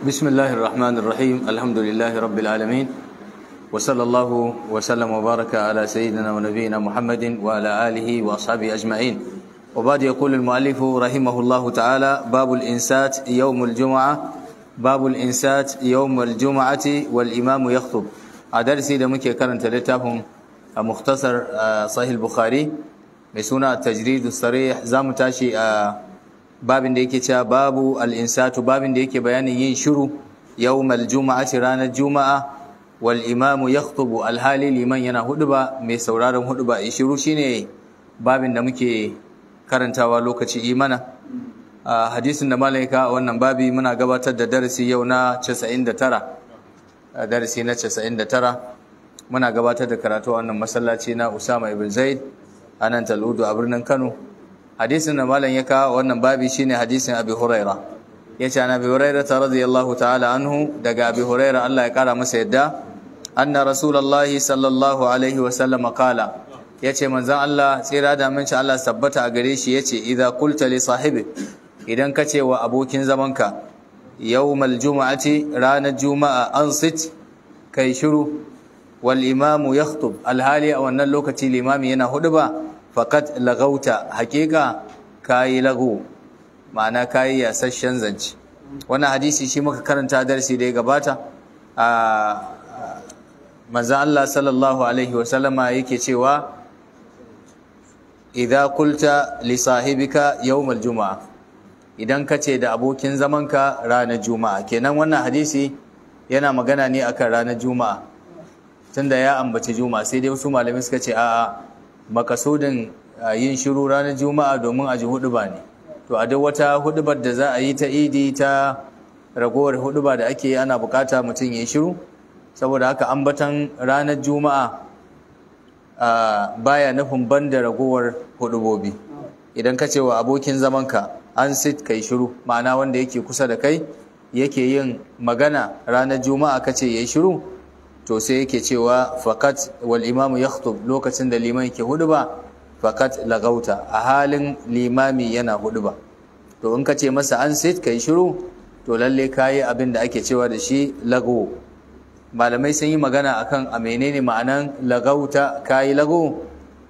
بسم الله الرحمن الرحيم الحمد لله رب العالمين وصلى الله وسلم وبارك على سيدنا ونبينا محمد وعلى آله وأصحابه أجمعين وبعد يقول المؤلف رحمه الله تعالى باب الإنسات يوم الجمعة باب الإنسات يوم الجمعة والإمام يخطب أدرسي دمك كرنت لتهم مختصر صحيح البخاري مسونا التجريد الصريح زامتاشي أه babin da yake cewa babu al'insatu babin da yake bayanin yin shiru yawmal juma'ati ranar juma'a wal imamu ya alhali liman yana hudu ba mai sauraron hudu in shiru shine babin da muke karantawa lokaci imana a hadisin da malaika wannan babi muna gabatar da darasi yau na 99 darasi na 99 muna gabatar da karatu wannan masallaci na Usama ibn Zaid a Taludu a birnin Kano hadisin da malam ya kawo wannan babi shine hadisin abi huraira yace an abi ta radiyallahu ta'ala anhu daga abi huraira Allah ya kara masa yadda anna rasulullahi sallallahu alaihi wa sallam qala yace manzon Allah tsira da aminci Allah tabbata a gare shi yace idza qulta li sahibi idan kace wa abokin zamanka yawmal jumu'ati ranar juma'a ansit kai shiru wal imamu yakhutub alhali a wannan lokaci limami yana hudu ba fakat lagauta haƙiƙa ka yi lagu ma'ana ka yi yasasshen zance wannan hadisi shi muka karanta darsi da ya gabata a (Maza Allah sallallahu alaihi wasallama yake cewa idan kulta lissahibika yau yawm juma'a, idan ce da abokin zamanka rana juma'a kenan wannan hadisi yana magana ne akan ranar juma'a tunda ya ambaci juma'a sai dai wasu malamin suka ce a'a makasudin yin shiru ranar juma'a domin a ji huduba ne to a duk wata hudubar da za a yi ta idi ta ragowar huduba da ake ana bukata mutum ya shiru saboda haka an ambatan ranar juma'a baya nufin banda ragowar hudubobi idan ka ce wa abokin zamanka an sit yi shiru ma'ana wanda yake kusa da kai yake yin magana ranar juma'a ka ce ya yi shiru to sai yake cewa fakat wal imamu yakhtub lokacin da liman yake huduba fakat lagauta a halin limami yana huduba to in ka ce masa an sit kai shiru to lalle kayi abin da ake cewa da shi lago malamai sun yi magana akan a menene ma'anan lagauta kayi lago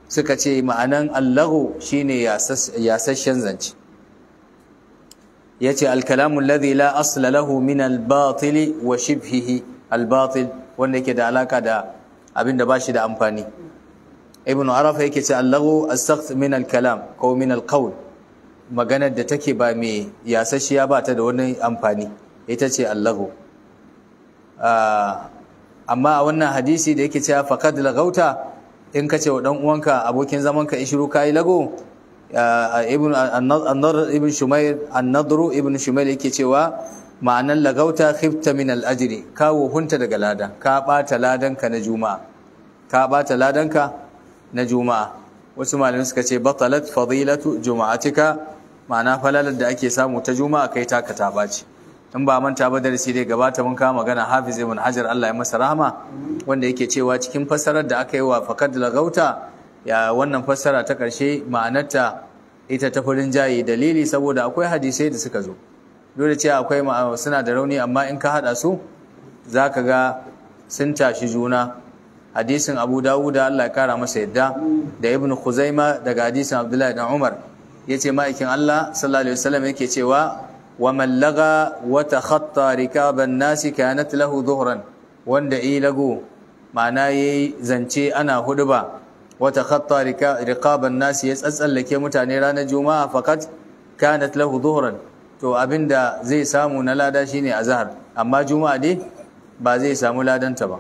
suka ce ma'anan allahu shine yasasshen zance yace alkalamu alladhi la asla lahu min albatil wa shibhihi albatil wanda yake da alaka da abin da bashi da amfani ibn arafa yake ce allahu astaghf min al-kalam ko min al-qawl maganar da take ba mai yasasshiya ba ta da wani amfani ita ce allahu ah, amma a wannan hadisi da yake cewa faqad lagauta in kace wa dan uwanka abokin zaman ka ishiru kai lago ah, ibn an-nadr ibn shumair an-nadr ibn yake cewa ma'anan lagauta khifta min al'ajiri kawo hunta daga ladan ka ɓata ladanka na juma'a ka ɓata ladanka na juma'a wasu malamai suka ce batalat fadilatu juma'atika ma'ana falalar da ake samu ta juma'a kai taka ta ɓaci in ba manta ba darasi dai gabata mun kama magana hafiz ibn hajar Allah ya masa rahama wanda yake cewa cikin fassarar da aka yi wa fakad lagauta ya wannan fassara ta ƙarshe ma'anarta ita ta furin jayi dalili saboda akwai hadisai da suka zo dole ce akwai suna da rauni amma in ka hada su za ka ga sun tashi juna hadisin abu dawuda allah ya kara masa yadda da ibn khuzaima daga hadisin abdullahi dan umar ya ce ma'aikin allah sallallahu alaihi wasallam yake cewa wa mallaga wa rikaban nasi kanat lahu dhuhran wanda ilago ma'ana yayi zance ana huduba wa takhatta rikaban nasi ya tsatsallake mutane ranar juma'a fakat kanat lahu dhuhran to abin da zai samu na lada shine azhar amma juma'a dai ba zai samu ladanta ba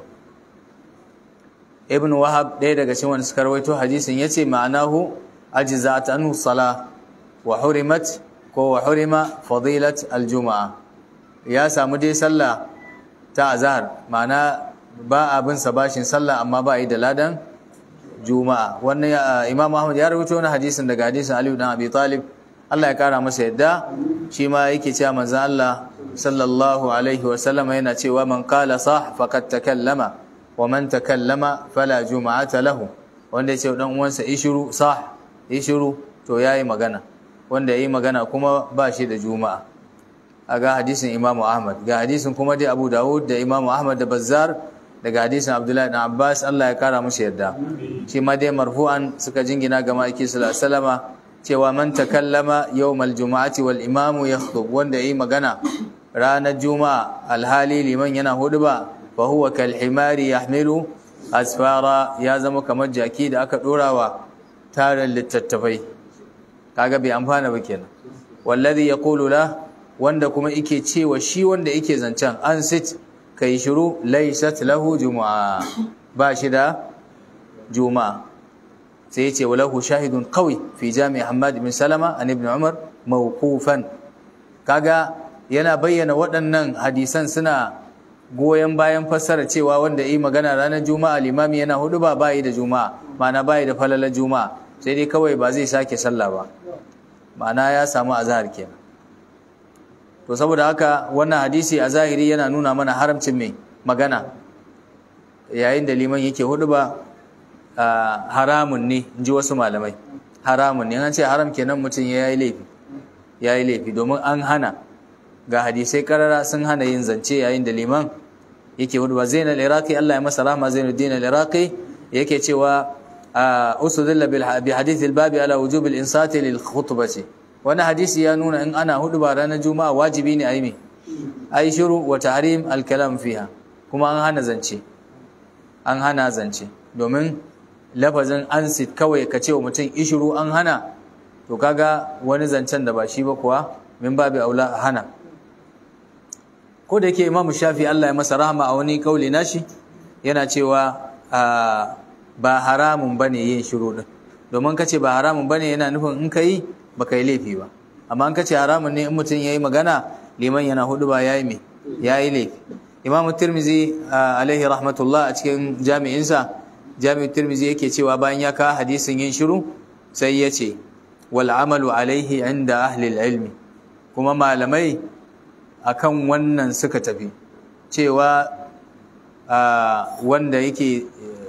ibn wahab ɗaya daga cikin wanda sakarwaito hadisin yace ma'anahu ajzat anu sala wa hurimat ko wa hurima fadilat aljuma'a ya samu dai sallah ta azhar ma'ana ba abin sa bashin sallah amma ba yi da ladan juma'a wannan imam ahmad ya rawaito wani hadisin daga hadisin ali ibn abi talib Allah ya kara masa yadda shi ma yake cewa manzon Allah sallallahu alaihi wa sallam yana cewa man qala sah faqad takallama wa man takallama fala juma'ata lahu wanda yace dan uwansa ishuru sah ishuru to yayi magana wanda yayi magana kuma ba shi da juma'a a ga hadisin Imam Ahmad ga hadisin kuma dai Abu Dawud da Imam Ahmad da Bazzar daga hadisin Abdullahi ibn Abbas Allah ya kara masa yadda shi ma dai marfu'an suka jingina ga maiki sallallahu alaihi cewa man takallama yawmal juma'ati wal imamu yakhtub wanda yayi magana ranar juma'a alhali liman yana huduba fa huwa kal himari yahmilu asfara ya zama kamar jaki da aka dorawa tarin littattafai kaga bai amfana ba kenan wallazi yaqulu la wanda kuma yake cewa shi wanda yake zancen an sit kai shiru laysat lahu juma'a ba shi da juma'a sai ya ce walahu shahidun kawai fi jami'a Hamad bin Salama an ibn Umar mawqufan kaga yana bayyana waɗannan hadisan suna goyon bayan fassara cewa wanda yi magana ranar juma'a limami yana hudu ba bayi da juma'a ma'ana bayi da falalar juma'a sai dai kawai ba zai sake sallah ba ma'ana ya samu azhar kenan to saboda haka wannan hadisi a zahiri yana nuna mana haramcin mai magana yayin da liman yake hudu ba haramun ne in ji wasu malamai haramun ne an ce haram kenan mutum ya yi laifi ya yi laifi domin an hana ga hadisai karara sun hana yin zance yayin da liman yake hudu zainal iraqi Allah ya masa rahma zainuddin al-iraqi yake cewa usudilla bi hadith babi ala wujub al-insati lil khutbati wani hadisi ya nuna in ana hudu ba ranar juma'a wajibi ne a yi ayi shiru wa tahrim al-kalam fiha kuma an hana zance an hana zance domin lafazin ansit kawai ka ce wa mutum ishiru an hana to kaga wani zancen da ba shi ba kuwa min babi aula a hana ko da yake imamu shafi Allah ya masa rahama a wani kauli nashi yana cewa ba haramun bane yin shiru din domin kace ba haramun bane yana nufin in kai ba yi laifi ba amma in kace haramun ne in mutum yayi magana liman yana hudu ba yayi me yayi laifi imamu tirmizi alaihi rahmatullah a cikin jami'insa jami'in tirmizi yake cewa bayan ya kawo hadisin yin shiru sai ya ce wal amalu alaihi inda ahlil ilmi kuma malamai akan wannan suka tafi cewa wanda yake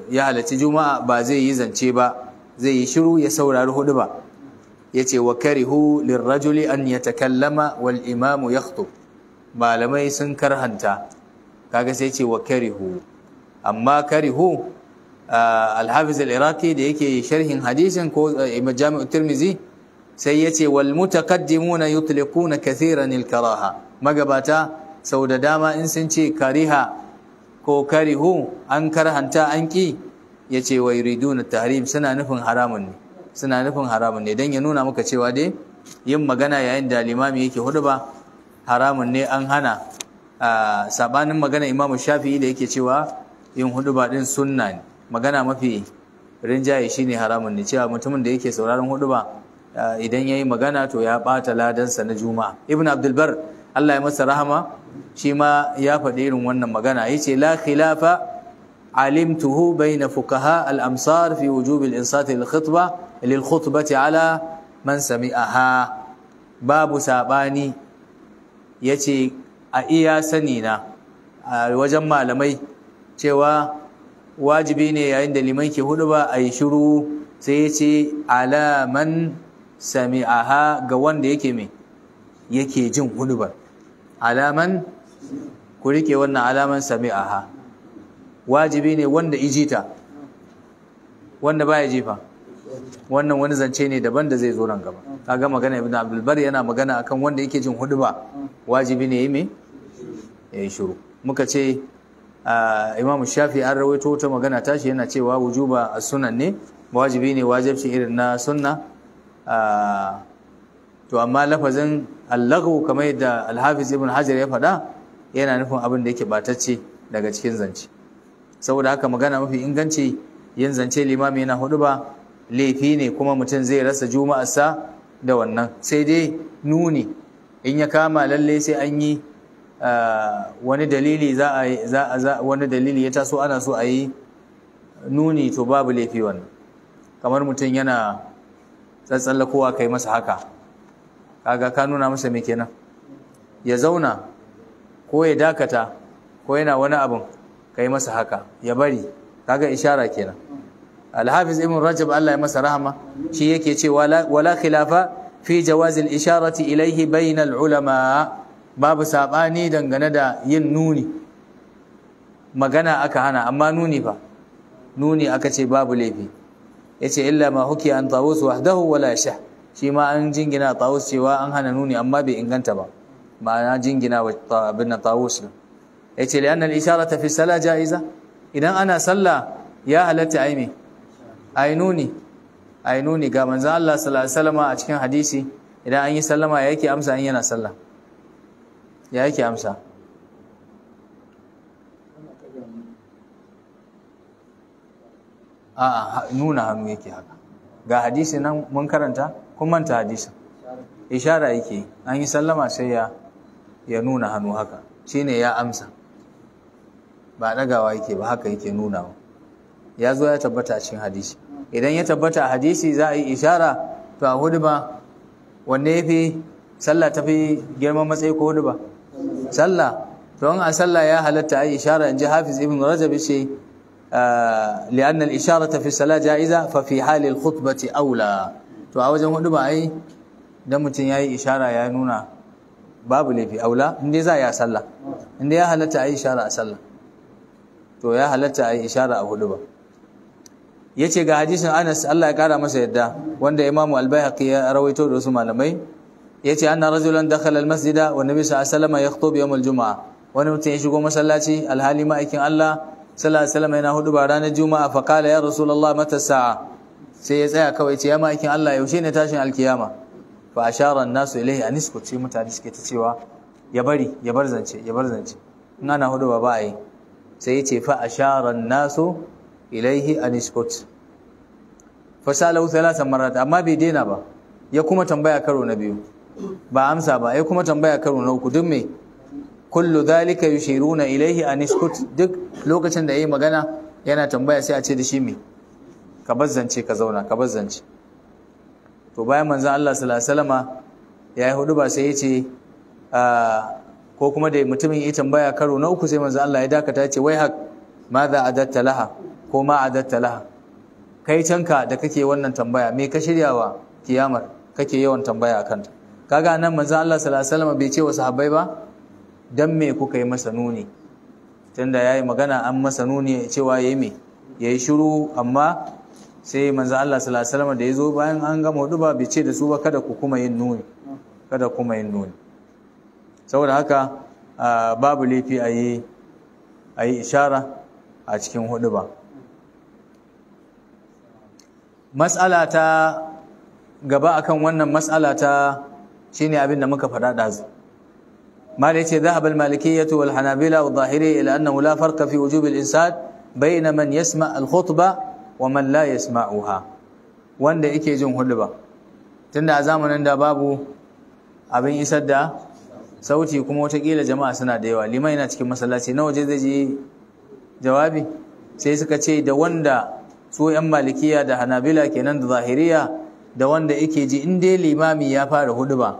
ya halarci juma'a ba zai yi zance ba zai yi shiru ya saurari hudu ba ya ce wa karihu lirrajuli an ya takallama wal imamu ya malamai sun karhanta kaga sai ce wa karihu amma karihu al iraki da yake sharhin hadisin ko jami'u tirmizi sai yace wal mutaqaddimuna yutliquna kathiran al-karaha magabata sau da dama in sun ce kariha ko karihu an karhanta an ki yace wa yuriduna tahrim suna nufin haramun ne suna nufin haramun ne dan ya nuna maka cewa dai yin magana yayin da limami yake ba haramun ne an hana sabanin magana imamu shafi'i da yake cewa yin huduba din sunna ne magana mafi rinjaye shine haramun ne cewa mutumin da yake sauraron hudu ba eh, idan yayi magana to ya bata ladansa na juma'a ibn abdul bar Allah ya masa rahama shi ma ya faɗi irin wannan magana yace la khilafa alimtuhu bayna fuqaha al-amsar fi wujub al-insat lil-khutbah lil-khutbati ala man sami'aha babu sabani yace a iya sani na wajen malamai cewa wajibi ne yayin da liman ke hudu ba a yi shiru sai ya ce alaman sami'aha ga wanda yake mai yake jin ba. alaman ku rike wannan alaman sami'aha wajibi ne wanda ijita wanda ba ya jifa wannan wani zance ne daban da zai zo nan gaba ga magana ibn abdul yana magana akan wanda yake jin hudu ba. wajibi ne yi mai ya yi shiru muka ce imamu shafi an rawaito wata magana tashi yana cewa wujuba a sunan ne wajibi ne wajibci irin na sunna to amma lafazin allahu kamar yadda alhafiz ibn hajar ya faɗa yana nufin abin da yake batacce daga cikin zance saboda haka magana mafi inganci yin zance limami yana hudu ba laifi ne kuma mutum zai rasa juma'arsa da wannan sai dai nuni in ya kama lalle sai an yi Eh, wani dalili za a za wani dalili ya taso ana so a yi nuni to babu laifi wannan kamar mutum yana tsatsallakowa kai masa haka kaga ka nuna masa me kenan ya zauna ko ya dakata ko yana wani abin kai masa haka ya bari kaga ishara kenan alhafiz ibn rajab Allah ya masa rahama shi yake cewa wala khilafa fi jawazil isharati ilaihi bainal ulama babu saɓani dangane da yin nuni magana aka hana amma nuni fa nuni aka ce babu laifi ya ce illa ma huki an tawus wahdahu wala sha shi ma an jingina tawus cewa an hana nuni amma bai inganta ba ma'ana jingina wa abin tawus ne. ya ce li'anna al-isharata tafi sala ja'iza idan ana sallah ya halatta ai me ai nuni ai nuni ga manzon Allah sallallahu alaihi wasallam a cikin hadisi idan an yi sallama yake amsa in yana sallah ya yake amsa a'a nuna hannu yake haka ga hadisi nan mun karanta kun manta hadisin ishara yake an yi sallama sai ya ya nuna hannu haka shine ya amsa ba dagawa yake ba haka yake nunawa ya zo ya tabbata a cikin hadisi idan ya tabbata a hadisi za a yi ishara to a hudu ba wanne ya fi sallah ta fi girman matsayi ko hudu ba sallah don a sallah ya halatta ai ishara inji hafiz ibn rajab yace ah, anna al-isharata fi salah ja'iza fa fi hal al khutbah aula to a wajen hudu ba ai dan mutun yayi ishara ya nuna babu laifi aula Inde za ya sallah Inde ya halatta ai ishara a sallah to ya halatta ai ishara a hudu ba yace ga hadisin Anas Allah ya kara masa yadda wanda Imam Al-Baihaqi ya rawaito da wasu malamai Ya yace anna rajulan dakhala almasjida wa nabi sallallahu alaihi wasallam yakhutub yawm aljumaa wani mutum ya shigo masallaci alhali ma'aikin Allah sallallahu alaihi wasallam yana hudu ba ranar juma'a fa qala ya rasulullah mata sa'a sai ya tsaya kawai ce ya ma'aikin Allah yaushe ne tashin alkiyama fa ashara an-nasu ilayhi an iskuti mutane suke ta cewa ya bari ya bar zance ya bar zance in ana hudu ba ba ai sai ya ce fa ashara an-nasu ilayhi an iskut fa salahu thalathan marat amma bai daina ba ya kuma tambaya karo na biyu ba amsa ba ai kuma tambaya karo na uku duk me kullu dhalika yushiruna ilaihi an iskut duk lokacin da yayi magana yana tambaya sai a ce da shi me ka bazzance ka zauna ka bazzance to bayan manzon Allah sallallahu alaihi wasallama yayi hudu ba sai yace ah, ko kuma da mutumin ya tambaya karo na uku sai manzon Allah ya dakata ce wai hak madha adatta laha ko ma adatta laha kai canka da kake wannan tambaya me ka shiryawa kiyamar kake yawan tambaya akan ta kaga nan manzo Allah sallallahu alaihi wasallam bai ce wa sahabbai ba dan me kuka yi masa nuni tunda yayi magana an masa nuni cewa yayi me yayi shiru amma sai manzo Allah sallallahu alaihi wasallam da yazo bayan an gama huduba bai ce da su ba kada ku kuma yin nuni kada kuma yin nuni saboda haka babu laifi a yi a ishara a cikin ba. mas'ala ta gaba akan wannan mas'ala ta shine abin da muka faɗa ɗazu za yace bal maliki ya wal Alhanabila wa zahiri ila annahu la fi wujub al insad bayna man yasma al khutba wa man la yasma'uha wanda yake jin hudba tunda a zamanin da babu abin isar da sauti kuma watakila jama'a suna da yawa liman yana cikin masallaci na waje zai je jawabi sai suka ce da wanda su 'yan malikiya da hanabila kenan da zahiriya da wanda yake ji in dai limami ya fara huduba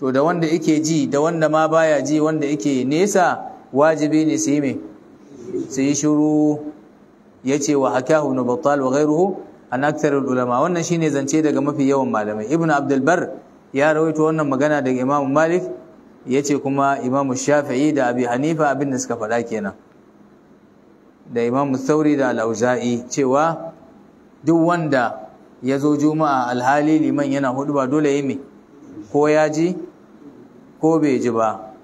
to da wanda yake ji da wanda ma baya ji wanda yake nesa wajibi ne su yi me su yi shiru ya ce wa hakahu na batal wa gairuhu an aktarar ulama wannan shine zance daga mafi yawan malamai ibn abdulbar ya rawaito wannan magana daga imam malik ya ce kuma imam shafi'i da abi hanifa abin da suka faɗa kenan da imam sauri da al'auza'i cewa duk wanda ya zo juma'a alhali liman yana hudu ba dole yi mai ko ya ji ko bai ji ba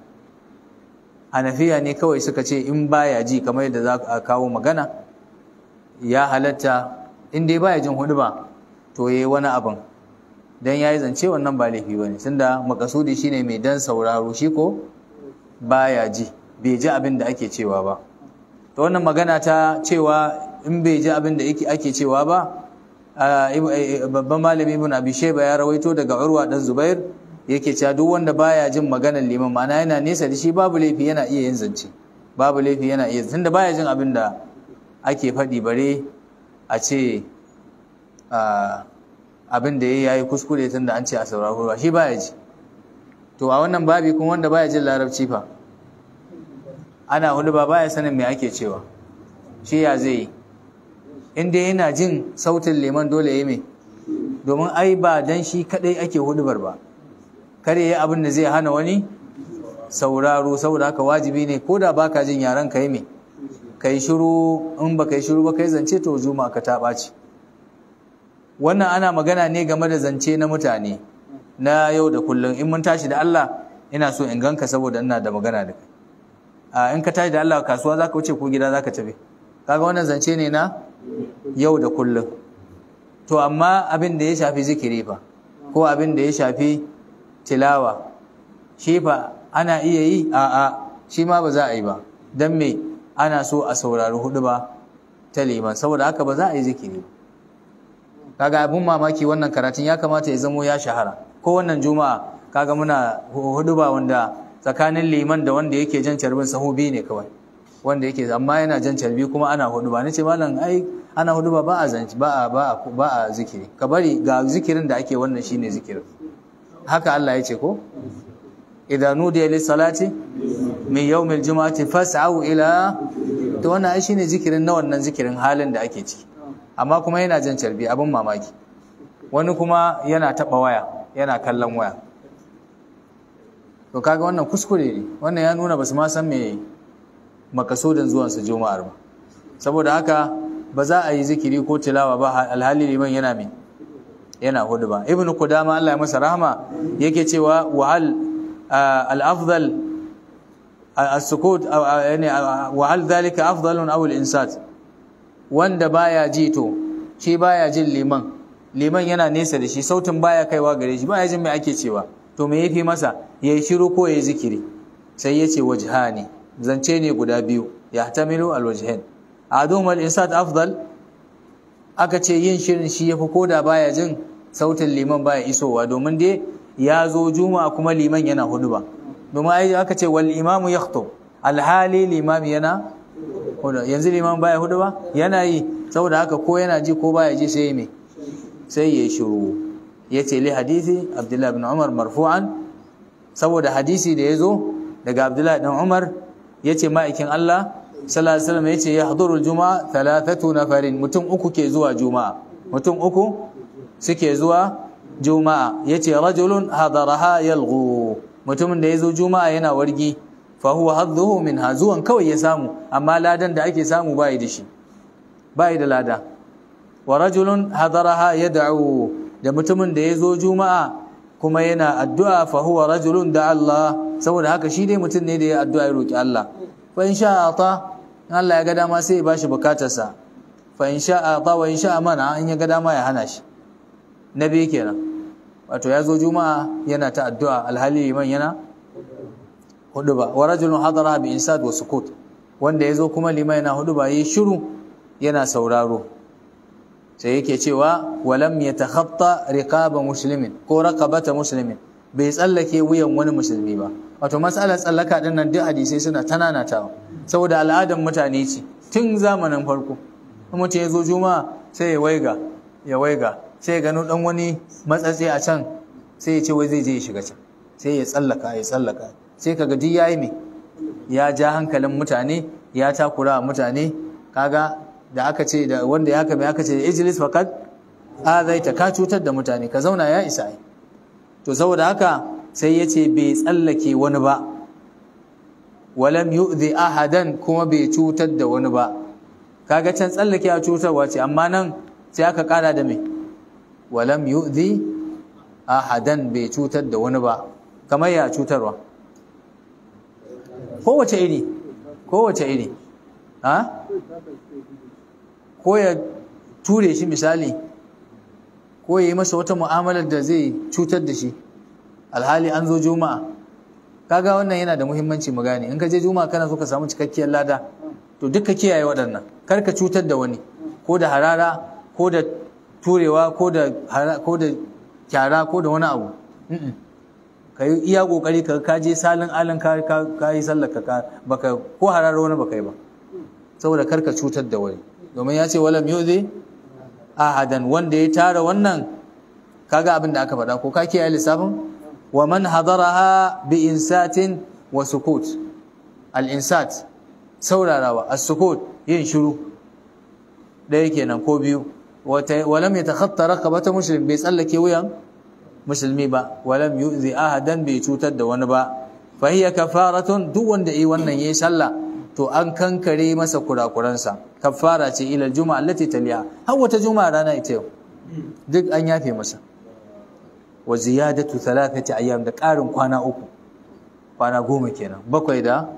hanafiya ne kawai suka ce in baya ji kamar yadda za a kawo magana ya halatta in dai baya jin hudu ba to yi wani abin dan yi zance wannan ba laifi bane da makasudi ne mai dan sauraro shi ko baya ji bai ji abin da ake cewa ba Ta wannan magana ta cewa in bai ji abin da ake cewa ba Ah, eh, eh, babban malami ibn abi sheba ya rawaito daga urwa dan zubair yake cewa duk wanda baya jin maganar liman ma'ana yana nesa da shi babu laifi yana iya yin zance babu laifi yana iya tunda baya jin abin da ake faɗi bare a ce ah, abin da ya yi kuskure tunda an ce a saurari ba shi baya ji to a wannan babi kuma wanda baya jin larabci fa ana hudu ba baya sanin me ake cewa shi ya zai yi inda yana jin sautin liman dole ya mai domin ai ba dan shi kadai ake hudubar ba kare ya abin da zai hana wani sauraro saboda haka wajibi ne ko da baka jin yaran ka yi mai kai shiru in ba kai shiru ba kai zance to juma ka ta ɓaci wannan ana magana ne game da zance na mutane na yau da kullum in mun tashi da Allah ina so in ganka saboda ina da magana da kai in ka tashi da Allah kasuwa zaka wuce ko gida zaka tafi kaga wannan zance ne na yau da kullum to amma abin da ya shafi zikiri ba, ko abin da ya shafi tilawa shi fa ana iya yi a'a shi ma ba za a yi ba don me ana so a saurari hudu ba ta liman saboda haka ba za a yi zikiri kaga abin mamaki wannan karatun ya kamata ya zamo ya shahara ko wannan juma'a kaga muna hudu ba wanda tsakanin liman da wanda yake jan carbin sahobi ne kawai wanda yake amma yana jan carbi kuma ana hudu ba nace malam ai ana hudu ba a zanci ba ba a ba a zikiri ka bari ga zikirin da ake wannan shine zikirin haka Allah ya ce ko idan nudi li salati min yawmil jumu'ati fas'u ila to wannan ai shine zikirin na wannan zikirin halin da ake ciki amma kuma yana jan carbi abin mamaki wani kuma yana taba waya yana kallon waya to kaga wannan kuskure ne wannan ya nuna basu ma san me makasudin zuwansu juma'ar ba saboda haka ba za a yi zikiri ko tilawa ba alhali liman yana mai yana hudu ba ibn kudama Allah ya masa rahama yake cewa wahal al-afdal sukut yani wahal dhalika afdalun aw insat wanda baya ji to shi baya jin liman liman yana nesa da shi sautin baya kaiwa gare shi baya jin mai ake cewa to me yafi masa yayi shiru ko ya yi zikiri sai yace ne. zance ne guda biyu yahtamilu a aduhum al-insat afdal aka ce yin shirin shi ya fi koda baya jin sautin liman baya isowa domin dai ya zo juma'a kuma liman yana ba. domin ai aka ce wal imamu yakhthub alhali limami yana hudu yanzu liman baya ba? yana yi saboda haka ko yana ji ko baya ji sai me sai ya shiru ce li hadisi abdullahi bin umar marfu'an saboda hadisi da ya zo daga abdullahi bin umar yace ma'aikin Allah sallallahu alaihi wasallam yace yahdurul juma'a thalathatu nafarin mutum uku ke zuwa juma'a mutum uku suke zuwa juma'a yace rajulun hadaraha yalghu mutumin da yazo juma'a yana wargi fa huwa hadduhu minha zuwan kawai ya samu amma ladan da ake samu bai da shi bai da lada wa rajulun hadaraha yad'u da mutumin da yazo juma'a kuma yana addu'a fa huwa rajulun da Allah saboda haka shi dai mutum ne da ya addu'a ya roƙi Allah fa in sha ata Allah ya ga dama sai ya bashi bukatarsa fa in sha ata wa in sha mana in ya ga dama ya hana shi na biyu kenan wato ya zo juma'a yana ta addu'a alhali liman yana hudu ba wa rajulun hadara bi insad wa sukut wanda ya zo kuma liman yana hudu ba yi shiru yana sauraro sai yake cewa walam yatakhatta riqaba muslimin ko raqabata muslimin bai tsallake wuyan wani musulmi ba wato matsalar tsallaka din nan duk hadisai suna tawa saboda al'adar mutane ce tun zamanin farko in mutum ya zo juma'a sai ya waiga ya waiga sai ya gano dan wani matsatsi a can sai ya ce wai zai je ya shiga can sai ya tsallaka ya tsallaka sai kaga duk yayi me ya ja hankalin mutane ya takura mutane kaga da aka ce da wanda ya kame aka ce ijlis zai ta ka cutar da mutane ka zauna ya isa to saboda haka sai ya ce bai tsallake wani ba walam yu'zi ahadan kuma bai cutar da wani ba kaga can tsallake a cutarwa ce amma nan sai aka kara da mai walam yu'zi ahadan bai cutar da wani ba kamar ya cutarwa kowace iri kowace iri ha ko ya ture shi misali ko ya yi masa wata mu'amalar da zai cutar da shi alhali an zo juma'a kaga wannan yana da muhimmanci mu gane in ka je juma'a kana so ka samu cikakkiyar lada to duk ka kiyaye waɗannan kar ka cutar da wani ko da harara ko da turewa ko da kyara ko da wani abu ka yi iya kokari ka ka je salin alin ka ka yi sallar ka baka ko harara wani baka yi ba saboda kar ka cutar da wani domin ya ce wala miyuzi ahadan wanda ya tara wannan kaga abin da aka faɗa ko ka kiyaye lissafin wa man hadaraha bi insatin wa sukut al insat saurarawa as sukut yin shiru ɗaya kenan ko biyu walam yatakhatta raqabata muslim bai tsallake wuyan musulmi ba walam yu'zi ahadan bai cutar da wani ba fa hiya kafaratun duk wanda yi wannan ya yi sallah to an kankare masa kurakuransa kafara ce illar juma'a allati taliya har wata juma'a rana ita yau duk an yafe masa wa ziyadatu thalathati ayyam da ƙarin kwana uku kwana goma kenan bakwai da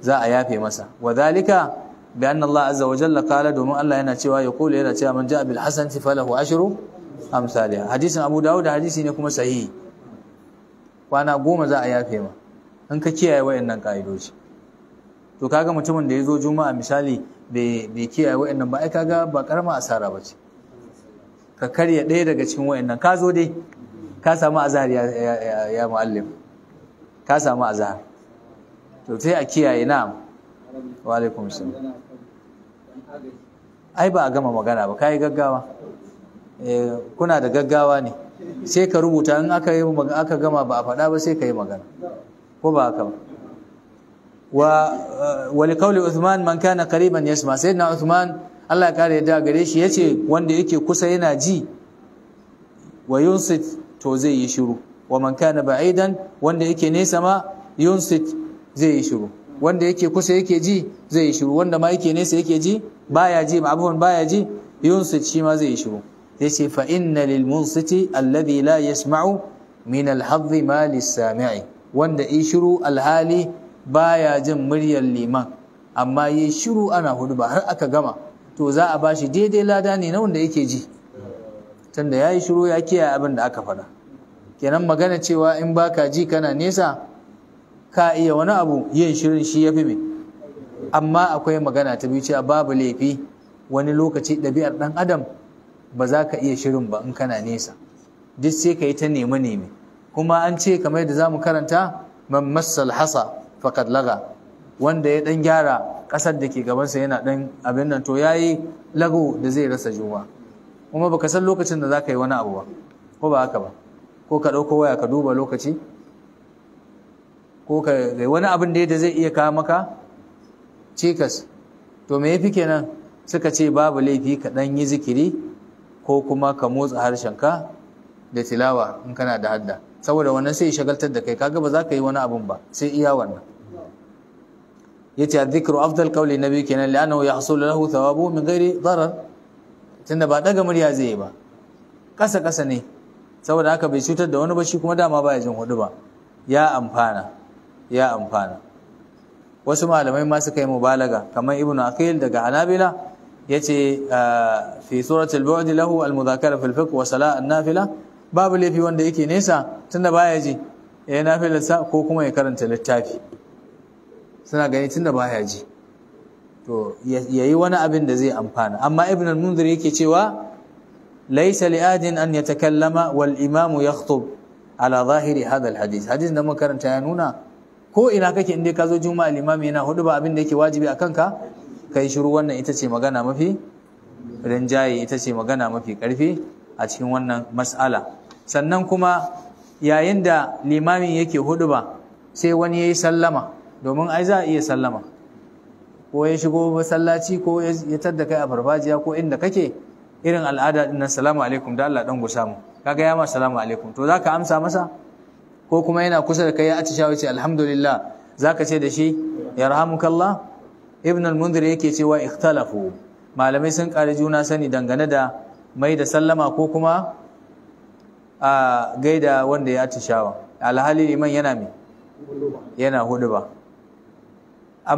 za a yafe masa wa zalika bi anna Allah azza wa jalla qala domin Allah yana cewa ya kula yana cewa man ja'a bil hasanati falahu ashru amsalia hadisin Abu Dawud da hadisi ne kuma sahihi kwana goma za a yafe ma in ka kiyaye wayannan ka'idoji to kaga mutumin da ya zo juma'a misali bai kiyaye wayannan ba ai kaga ba karama asara ba ka karya ɗaya daga cikin wayannan ka zo dai ka samu azahar ya ya muallim ka samu azahar? to sai a kiyaye na'am wa alaikum assalam ai ba a gama magana ba kai gaggawa eh kuna da gaggawa ne sai ka rubuta in aka yi aka gama ba a faɗa ba sai ka yi magana ko ba haka ba wa eh, wali kauli Uthman man kana qariban yasma sayyidina Uthman Allah ya kare da gare shi yace wanda yake kusa yana ji wa yunsit to zai yi shiru wa man kana ba'idan wanda yake nesa ma yunsit zai yi shiru wanda yake kusa yake ji zai yi shiru wanda ma yake nesa yake ji baya ji ma'abun baya ji yunsit shi ma zai yi shiru sai ce fa inna lil munsiti alladhi la yasma'u min al hadhi ma lis sami'i wanda yi shiru alhali baya jin muryar liman amma yi shiru ana hudu ba har aka gama to za a bashi daidai lada ne na wanda yake ji tunda ya yi shiru ya kiyaye abin da aka faɗa kenan magana cewa in baka ji kana nesa ka iya wani abu yin shirin shi ya fi mai amma akwai magana ta biyu cewa babu laifi wani lokaci ɗabi'ar ɗan adam ba za ka iya shirin ba in kana nesa duk sai ka yi ta nemi nemi kuma an ce kamar da za mu karanta man massal hasa faqad laga wanda ya ɗan gyara ƙasar da ke gabansa yana ɗan abin nan to ya yi lago da zai rasa juma'a kuma baka san lokacin da za ka yi wani abu ba ko ba haka ba ko ka dauko waya ka duba lokaci ko ka ga wani abin da zai iya kawo maka cikas to me yafi kenan suka ce babu laifi ka ɗan yi zikiri ko kuma ka motsa harshenka da tilawa in kana da hadda saboda wannan sai shagaltar da kai kaga ba za ka yi wani abun ba sai iya wannan yace adh-dhikru afdal qawli nabi kenan li'annahu yahsulu lahu thawabu min ghairi darar tunda ba daga murya zai yi ba ƙasa ƙasa ne saboda haka bai cutar da wani ba shi kuma dama ya jin hudu ba ya amfana ya amfana wasu malamai ma suka yi mubalaga kamar ibnu aqil daga anabila yace ah, fi al bu'd lahu al mudhakara fil fiqh wa sala an nafila babu laifi wanda yake nesa tunda baya ji ya nafilarsa ko kuma ya karanta littafi suna gani tunda baya ji to yayi wani abin da zai amfana amma ibn al yake cewa laysa li'adin an yatakallama wal imamu yakhutub ala zahiri hadha al-hadith hadith da makaranta ya nuna ko ina kake inda ka zo juma'a limami yana hudu ba abin da yake wajibi akan ka kai shiru wannan ita ce magana mafi rinjaye ita ce magana mafi karfi a cikin wannan mas'ala sannan kuma yayin da limamin yake hudu ba sai wani yayi sallama domin ai za a iya sallama ko ya shigo masallaci ko ya tadda kai a farfajiya ko inda kake irin al'ada din nan salamu alaikum da Allah dan gusa mu kaga ya ma salamu alaikum to zaka amsa masa ko kuma yana kusa da kai ya ci shawo ce alhamdulillah zaka ce da shi yarhamukallah ibn al-mundhir yake cewa ikhtalafu malamai sun kare juna sani dangane da mai da sallama ko kuma a gaida wanda ya ci shawo alhali liman yana me yana hudu ba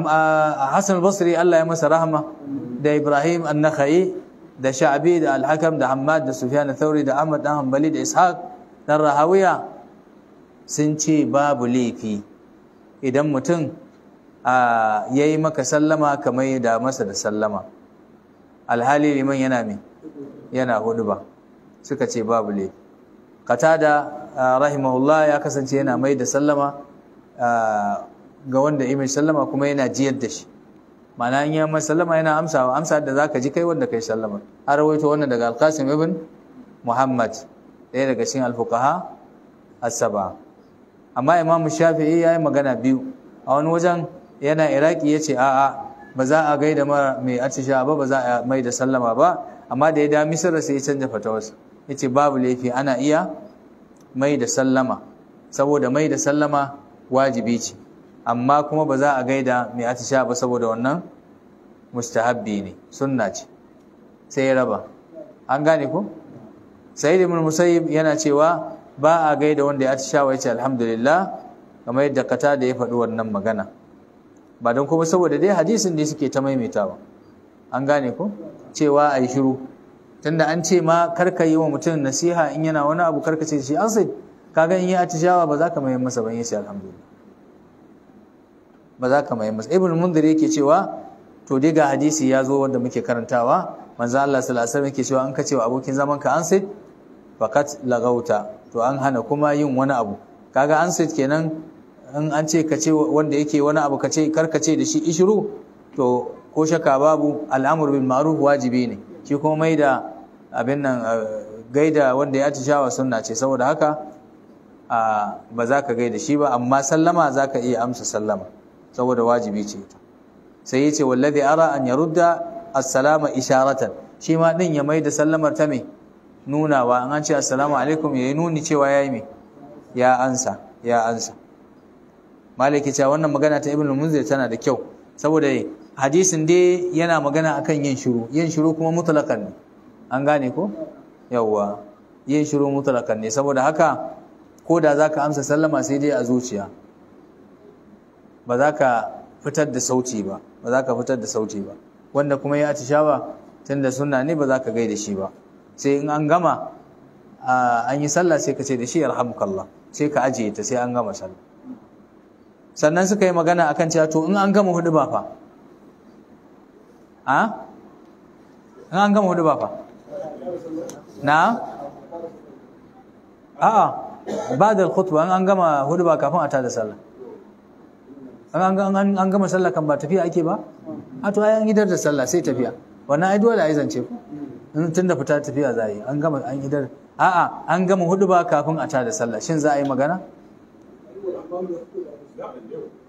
Hassan basri Allah ya masa rahama da Ibrahim an da Sha'bi da Al-Hakam da Hammad da Sufyan al-Thawri da Ahmad dan Hanbali da Ishaq dan Rahawiya sun ce babu laifi idan mutum ya yi maka sallama kamar da masa da sallama alhali liman yana me yana hudu ba suka ce babu laifi qatada rahimahullah ya kasance yana mai da sallama ga wanda ya yi sallama kuma yana jiyar da shi Mana in ya mai sallama yana amsawa amsa da zaka ji kai wanda kai sallama an rawaito wannan daga alkasim ibn muhammad ɗaya daga cikin alfukaha as-saba amma Imam shafi'i yayi magana biyu a wani wajen yana iraki ce a'a ba za a gaida mai atisha ba ba za a mai da sallama ba amma da ya da misira sai ya canja Ya ce babu laifi ana iya mai da sallama saboda mai da sallama wajibi ce amma kuma ba za a gaida mai atisha ba saboda wannan mustahabbi ne sunna ce sai ya raba an gane ku sai da musayyib yana cewa ba a gaida wanda ya atisha wa yace alhamdulillah kamar yadda kata da ya faɗi wannan magana ba don kuma saboda dai hadisin ne suke ta maimaitawa an gane ku cewa a yi shiru tunda an ce ma karka yi wa mutum nasiha in yana wani abu karka ce shi asid kaga in yi atishawa ba za ka mai masa ban yace alhamdulillah ba za ka mai masa ibn mundir yake cewa to dai ga hadisi ya zo wanda muke karantawa manzo Allah sallallahu alaihi wasallam yake cewa an ka cewa abokin zaman ka an sai fakat lagauta to an hana kuma yin wani abu kaga an sai kenan in an ce ka ce wanda yake wani abu ka kar ka ce da shi Ishru? to ko shaka babu al'amur bil ma'ruf wajibi ne shi kuma mai da abin nan eh, gaida wanda ya shawa sunna ce saboda haka ah, ba za ka gaida shi ba amma sallama za ka iya amsa sallama saboda wajibi ce ita sai yace wallazi ara an yarudda assalama isharatan shi ma din ya maida sallamar ta me nunawa an an ce assalamu alaikum yayi nuni cewa yayi me ya ansa ya ansa maliki cewa wannan magana ta ibnu munzir tana da kyau saboda hadisin dai yana magana akan yin shiru yin shiru kuma mutlaqan ne an gane ko yawwa yin shiru mutlaqan ne saboda haka ko da zaka amsa sallama sai dai a zuciya ba za ka fitar da sauti ba ba za ka fitar da sauti ba wanda kuma ya atishawa tunda sunna ne ba za ka gaida shi ba sai in an gama an yi sallah sai ka ce da shi alhamdulillah sai ka ajiye ta sai an gama sallah sannan suka yi magana akan cewa to in an gama hudu ba fa a in an gama hudu ba fa na a'a ba da khutba in an gama hudu ba kafin a tada sallah an gama sallah kan ba tafiya ake ba a to ai an idar da sallah sai tafiya wannan ai dole ai zance ku in tun da fita tafiya za yi an gama an idar a'a an gama hudu ba kafin a tada sallah shin za a yi magana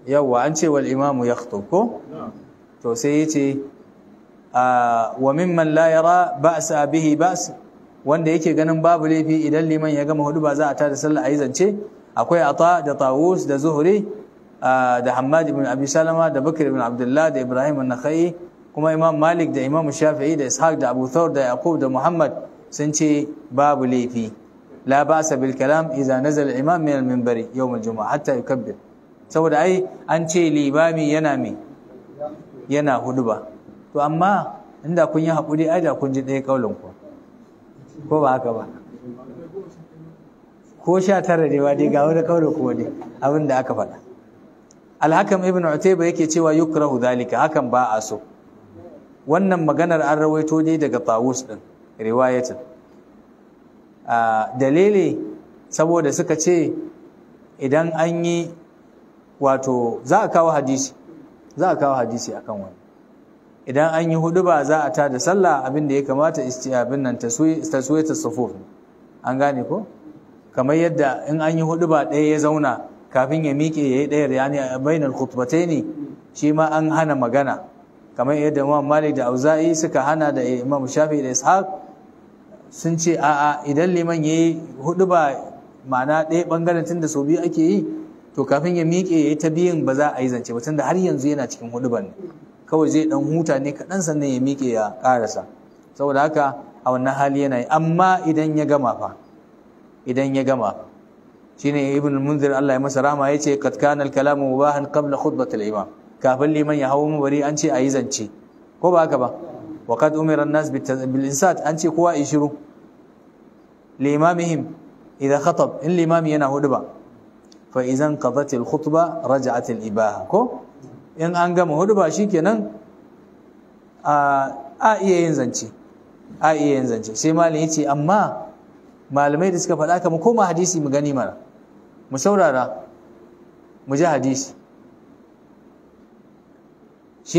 yawwa an ce wal imamu yakhthub ko to sai yace wa mimman la yara ba'sa bihi ba's wanda yake ganin babu laifi idan liman ya gama hudu ba za a tada sallah yi zance akwai ata da tawus da zuhri da Hammad ibn Abi Salama da Bakr ibn Abdullah da Ibrahim an-Nakhai kuma Imam Malik da Imam Shafi'i da Ishaq da Abu Thawr da Yaqub da Muhammad sun ce babu laifi la ba'sa bil kalam idza nazala al-imam min al-minbari yawm al-jumu'ah hatta yukabbir saboda ai an ce libami yana me yana huduba to amma inda kun yi hakuri ai da kun ji ɗaya kaulin ku ko ba haka ba ko sha tare da ba dai ga wani kaulin ku ne abin da aka faɗa alhakam ibn utaiba yake cewa yukrahu zalika hakan ba a so wannan maganar an rawaito dai daga tawus din riwayatin a dalili saboda suka ce idan an yi wato za a kawo hadisi za a kawo hadisi akan wani idan an yi hudu ba za a ta da sallah abin da ya kamata abin nan taswiyatus sufuf an gane ko kamar yadda in an yi hudu ba ɗaya ya zauna kafin ya miƙe ya yi ɗayar yani a bainar ne shi ma an hana magana kamar yadda imam malik da auza'i suka hana da imam shafi da ishaq sun ce a'a idan liman ya yi hudu ba ma'ana ɗaya ɓangaren tun da sau biyu ake yi to kafin ya miƙe ya yi ta biyun ba za a yi zance ba tun da har yanzu yana cikin hudu ban kawai zai ɗan huta ne kaɗan sannan ya miƙe ya ƙarasa saboda haka a wannan hali yana yi amma idan ya gama fa idan ya gama shine ibn munzir Allah ya masa rama yace kad kana al-kalamu mubahan qabla khutbatil imam kafin liman ya hawo mubari an ce ayi zance ko ba haka ba wa kad umira an-nas bil insat an ce kowa yi shiru li imamihim idha khatab in limami yana hudba fa idan qadat al-khutba raja'at al-ibaha ko in an gama hudba shikenan a a iya yin zance a iya yin zance sai malin yace amma malamai da suka faɗa mu koma hadisi mu gani mana mu saurara mu ji hadisi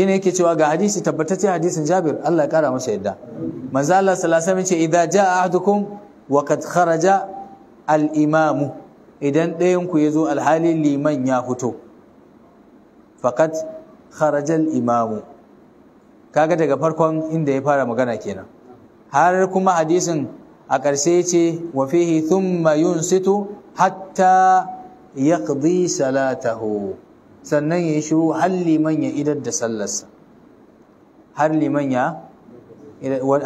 ne yake cewa ga hadisi tabbatacce hadisin Jabir Allah ya kara masa yadda manzo Allah sallallahu alaihi wasallam ce idza jaa ahadukum wa kad kharaja al imamu idan ɗayan ku yazo alhali liman ya fito Fakat kharaja al imamu kaga daga farkon inda ya fara magana kenan har kuma hadisin a ƙarshe ce wa fihi thumma yunsitu hatta yaqdi salatahu sannan ya shi har liman ya idar da sallarsa har liman ya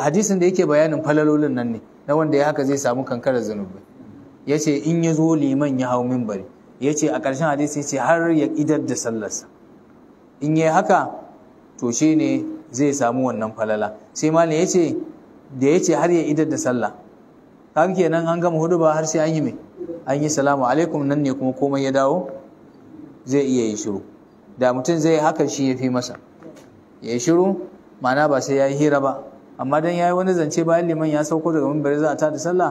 hadisun da yake bayanin falalolin nan ne na wanda ya haka zai samu kankarar zanubai ya ce in ya zo liman ya hau mimbari ya ce a ƙarshen hadisi ya ce har ya idar da sallarsa in ya haka to shi ne zai samu wannan falala sai malam ya ce da ya ce har ya idar da sallah kaga kenan an gama hudu ba har sai an yi mai an yi salamu alaikum nan ne kuma komai ya dawo zai iya yi shiru da mutum zai haka shi ya fi masa ya yi shiru mana ba sai ya yi hira ba amma dan ya yi wani zance bayan liman ya sauko daga mimbar za a ta da sallah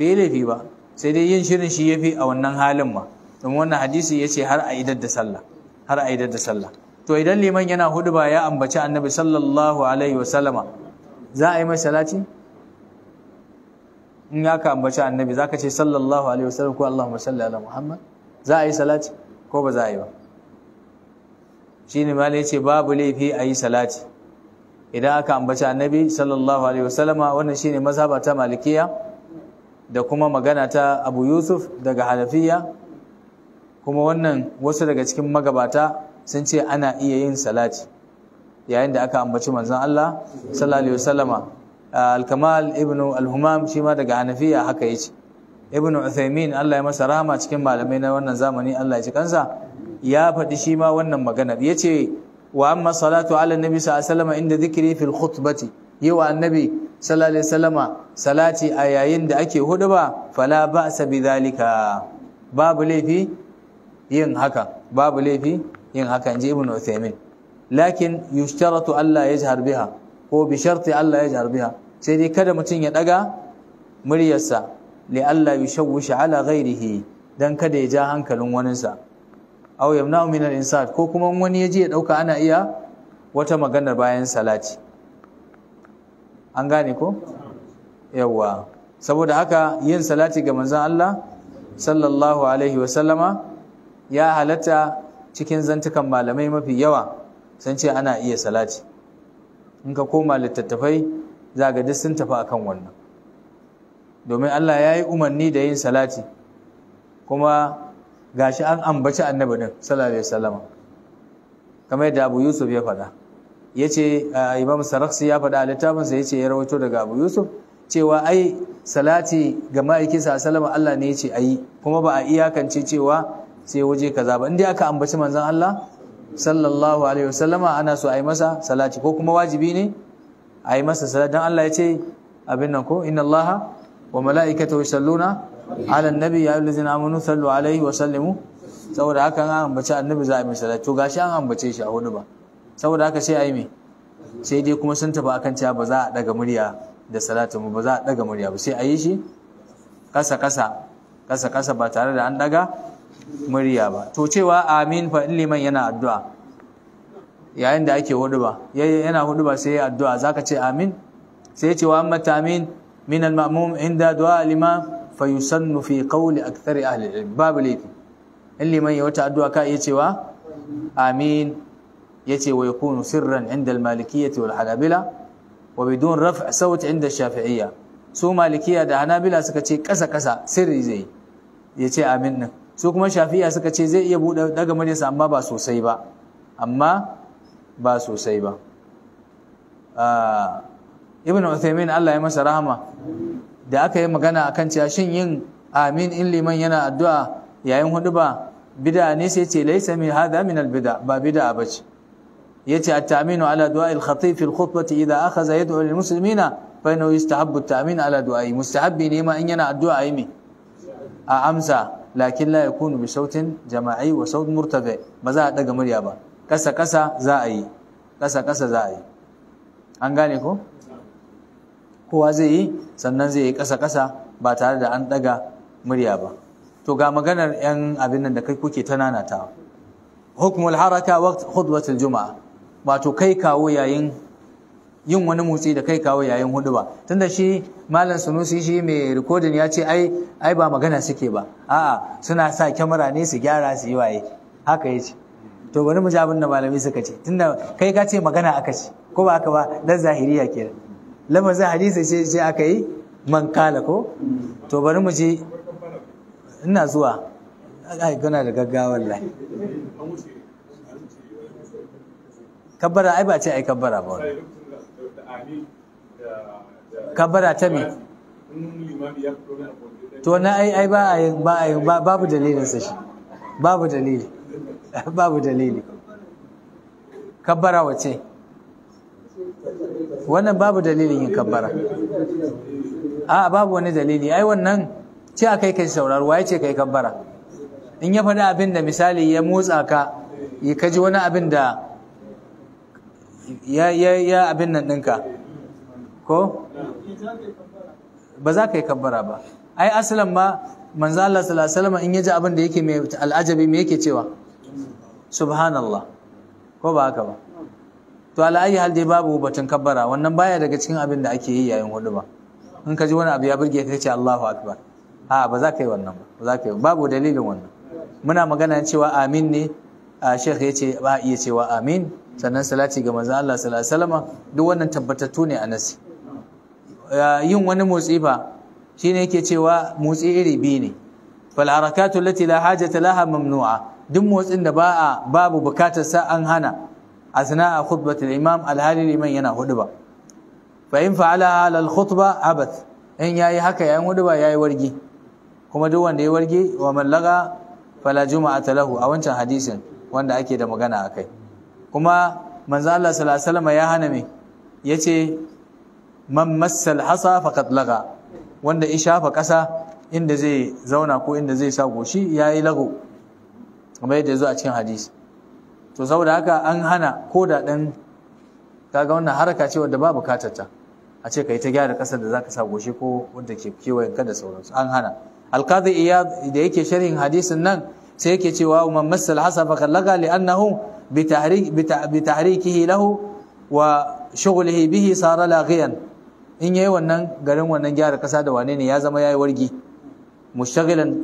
bai laifi ba sai dai yin shirin shi ya fi a wannan halin ma don wannan hadisi ya ce har a idar da sallah har a idar da sallah to idan liman yana hudu ba ya ambaci annabi sallallahu alaihi wasallama za a yi mai salati in ka ambaci annabi zaka ce sallallahu alaihi wasallam ko Allahumma salli ala Muhammad za a yi salati ko ba za a yi ba shine malai yace babu laifi a yi salati idan aka ambaci annabi sallallahu alaihi wasallama wannan shine mazhaba ta malikiya da kuma magana ta Abu Yusuf daga Hanafiya kuma wannan wasu daga cikin magabata sun ce ana iya yin salati yayin da aka ambaci manzon Allah sallallahu alaihi wasallama al-kamal ibnu al-humam shi ma daga hanafiya haka yace ibnu uthaymin Allah ya masa rahama cikin malamai na wannan zamani Allah ya ji kansa ya faɗi shi ma wannan magana yace wa amma salatu ala nabi sallallahu alaihi wasallam inda dhikri fil khutbati yawa annabi sallallahu alaihi wasallama salati a yayin da ake huduba fala sa bidhalika babu laifi yin haka babu laifi yin haka inji ibnu uthaymin lakin yushtaratu alla yajhar biha ko bi sharti alla yajhar biha sai dai kada mutum ya daga muryarsa li Allah yushawwisha ala ghairihi dan kada ya ja hankalin waninsa aw yamna min al ko kuma wani ya yaji ya dauka ana iya wata magana bayan salati an gane ko yawa saboda haka yin salati ga manzon Allah sallallahu alaihi wasallama ya halatta cikin zantukan malamai mafi yawa sun ce ana iya salati in ka koma littattafai za ga duk sun tafi akan wannan domin Allah ya yi umarni da yin salati kuma gashi an ambaci annabi din sallallahu alaihi wasallam kamar yadda Abu Yusuf ya faɗa yace Imam Sarakhsi ya faɗa a littafinsa yace ya rawaito daga Abu Yusuf cewa ai salati ga ma'aikin sa sallama Allah ne yace ayi kuma ba a iyakance cewa sai waje kaza ba inda aka ambaci manzon Allah sallallahu alaihi wasallama ana so a yi masa salati ko kuma wajibi ne a yi masa salat dan Allah ya ce abin nan ko inna Allah wa mala'ikata yusalluna ala nabi ya ayyuhallazina amanu sallu alaihi wa sallimu saboda haka an ambace annabi za a yi mai to gashi an ambace shi a hudu ba saboda haka sai a yi mai sai dai kuma sun tafi akan cewa ba za a daga murya da salatin mu ba za a daga murya ba sai a yi shi kasa kasa kasa kasa ba tare da an daga murya ba to cewa amin fa liman yana addu'a yayin da ake huduba yana huduba sai ya addu'a zaka ce amin sai ya ce wa amma tamin min al-ma'mum inda du'a al-imam fayusannu fi qawli akthari ahli al-ilm babu laifi in liman ya wata addu'a ka iya cewa amin yace wa yakunu sirran inda al-malikiyyah wal hanabila wa bidun raf' sawt inda shafi'iyya su malikiya da hanabila suka ce kasa kasa sirri zai yace amin nan su kuma shafi'iyya suka ce zai iya buɗe daga murya amma ba sosai ba amma ba sosai ba ah, ibn Uthaymin Allah ya masa rahama da aka yi magana akan cewa shin yin amin in liman yana addu'a yayin ba? bid'a ne sai ce laysa min hadha min al ba bid'a bace ce a taminu ala du'a al-khatib fi al-khutbati idha akhadha yad'u lil muslimina fa innahu yustahabbu at-ta'min ala du'a'i mustahabbi ne ma in yana addu'a yi me a amsa lakin la kunu, bi sautin jama'i wa saut ba za a ɗaga murya ba kasa kasa za a yi kasa kasa za a yi an gane ko kowa zai yi sannan zai yi kasa kasa ba tare da an daga murya ba to ga maganar yan abin nan da kai kuke ta nanata hukumul haraka waqt khutbatul juma'a wato kai kawo yayin yin wani motsi da kai kawo yayin hudu ba tunda shi malam sunusi shi mai rikodin ya ce ai ai ba magana suke ba a'a suna sa kyamara ne su gyara su yi waye haka yace to bari mu ji abin da malami suka ce tunda kai ka ce magana aka ce ko ba aka ba na zahiriya kenan lafazin hadisi ce ce aka yi man kala ko to bari mu ji ina zuwa ai gana da gaggawa wallahi kabbara ai ba ce ai kabbara ba kabbara ta me to na ai ai ba a ba babu dalilin sa shi babu dalili babu dalili kabbara wace wannan babu dalilin yin kabbara a babu wani dalili ai wannan ce a kai kai sauraro waye ce kai kabbara in ya faɗi abin da misali ya motsa ka ya kaji wani abin da ya abin nan ɗinka ko ba za ka yi kabbara ba ai asalan ba manzala salasalama in ya ji abin da yake mai al'ajabi me yake cewa subhanallah ko ba haka ba to ala'ayi hal dai babu batun kabbara wannan baya daga cikin abin da ake yi yayin hudu ba in ka ji wani abu ya burge ka ce Allahu akbar a ba za ka yi wannan ba za ka yi babu dalilin wannan muna magana cewa amin ne a shekh yace ce ba iya cewa amin sannan salati ga manzo Allah sallallahu alaihi wasallam duk wannan tabbatattu ne a nasi yin wani motsi ba shine yake cewa motsi iri biyu ne fal harakatu lati la hajata laha mamnu'a duk motsin da ba a babu bukatar sa an hana asna a khutbatul imam alhali liman yana huduba fa in fa'ala al khutba abath in yayi haka yayin ya yayi wargi kuma duk wanda ya wargi wa mallaga fala juma'ata lahu a wancan hadisin wanda ake da magana akai kuma manzo Allah sallallahu alaihi wasallam ya hana me yace man massal hasa faqad laga wanda ishafa kasa inda zai zauna ko inda zai sa goshi yayi lago kamar yadda zuwa cikin hadisi to saboda haka an hana ko da ɗan kaga wannan haraka ce wadda ba bukatar ta a ce ka yi ta gyara ƙasar da ka sa goshi ko wadda ke kewayen ka da sauransu an hana alkazi iya da yake sharhin hadisin nan sai yake cewa man massal hasafa kallaga li'annahu Annahu, tahrik bi tahrikihi lahu wa shughlihi bihi sara laghiyan in yayi wannan garin wannan gyara ƙasa da wane ne ya zama yayi wargi mushghilan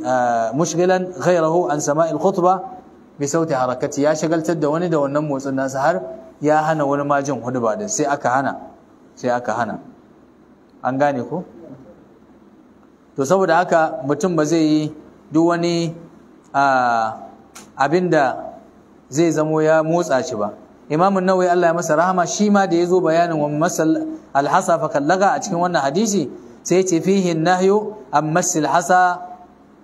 mushghilan ghayrahu an sama'il khutba bi sauti harakati ya shagaltar da wani da wannan motsin nasa har ya hana wani majin huduba hudba da sai aka hana sai aka hana an gane ko to saboda haka mutum ba zai yi duk wani abin da zai zamo ya motsa shi ba Imamin nawai Allah ya masa rahama shi ma da ya zo bayanin wa masal alhasa fa kallaga a cikin wannan hadisi sai ce fihi nahyu an masil hasa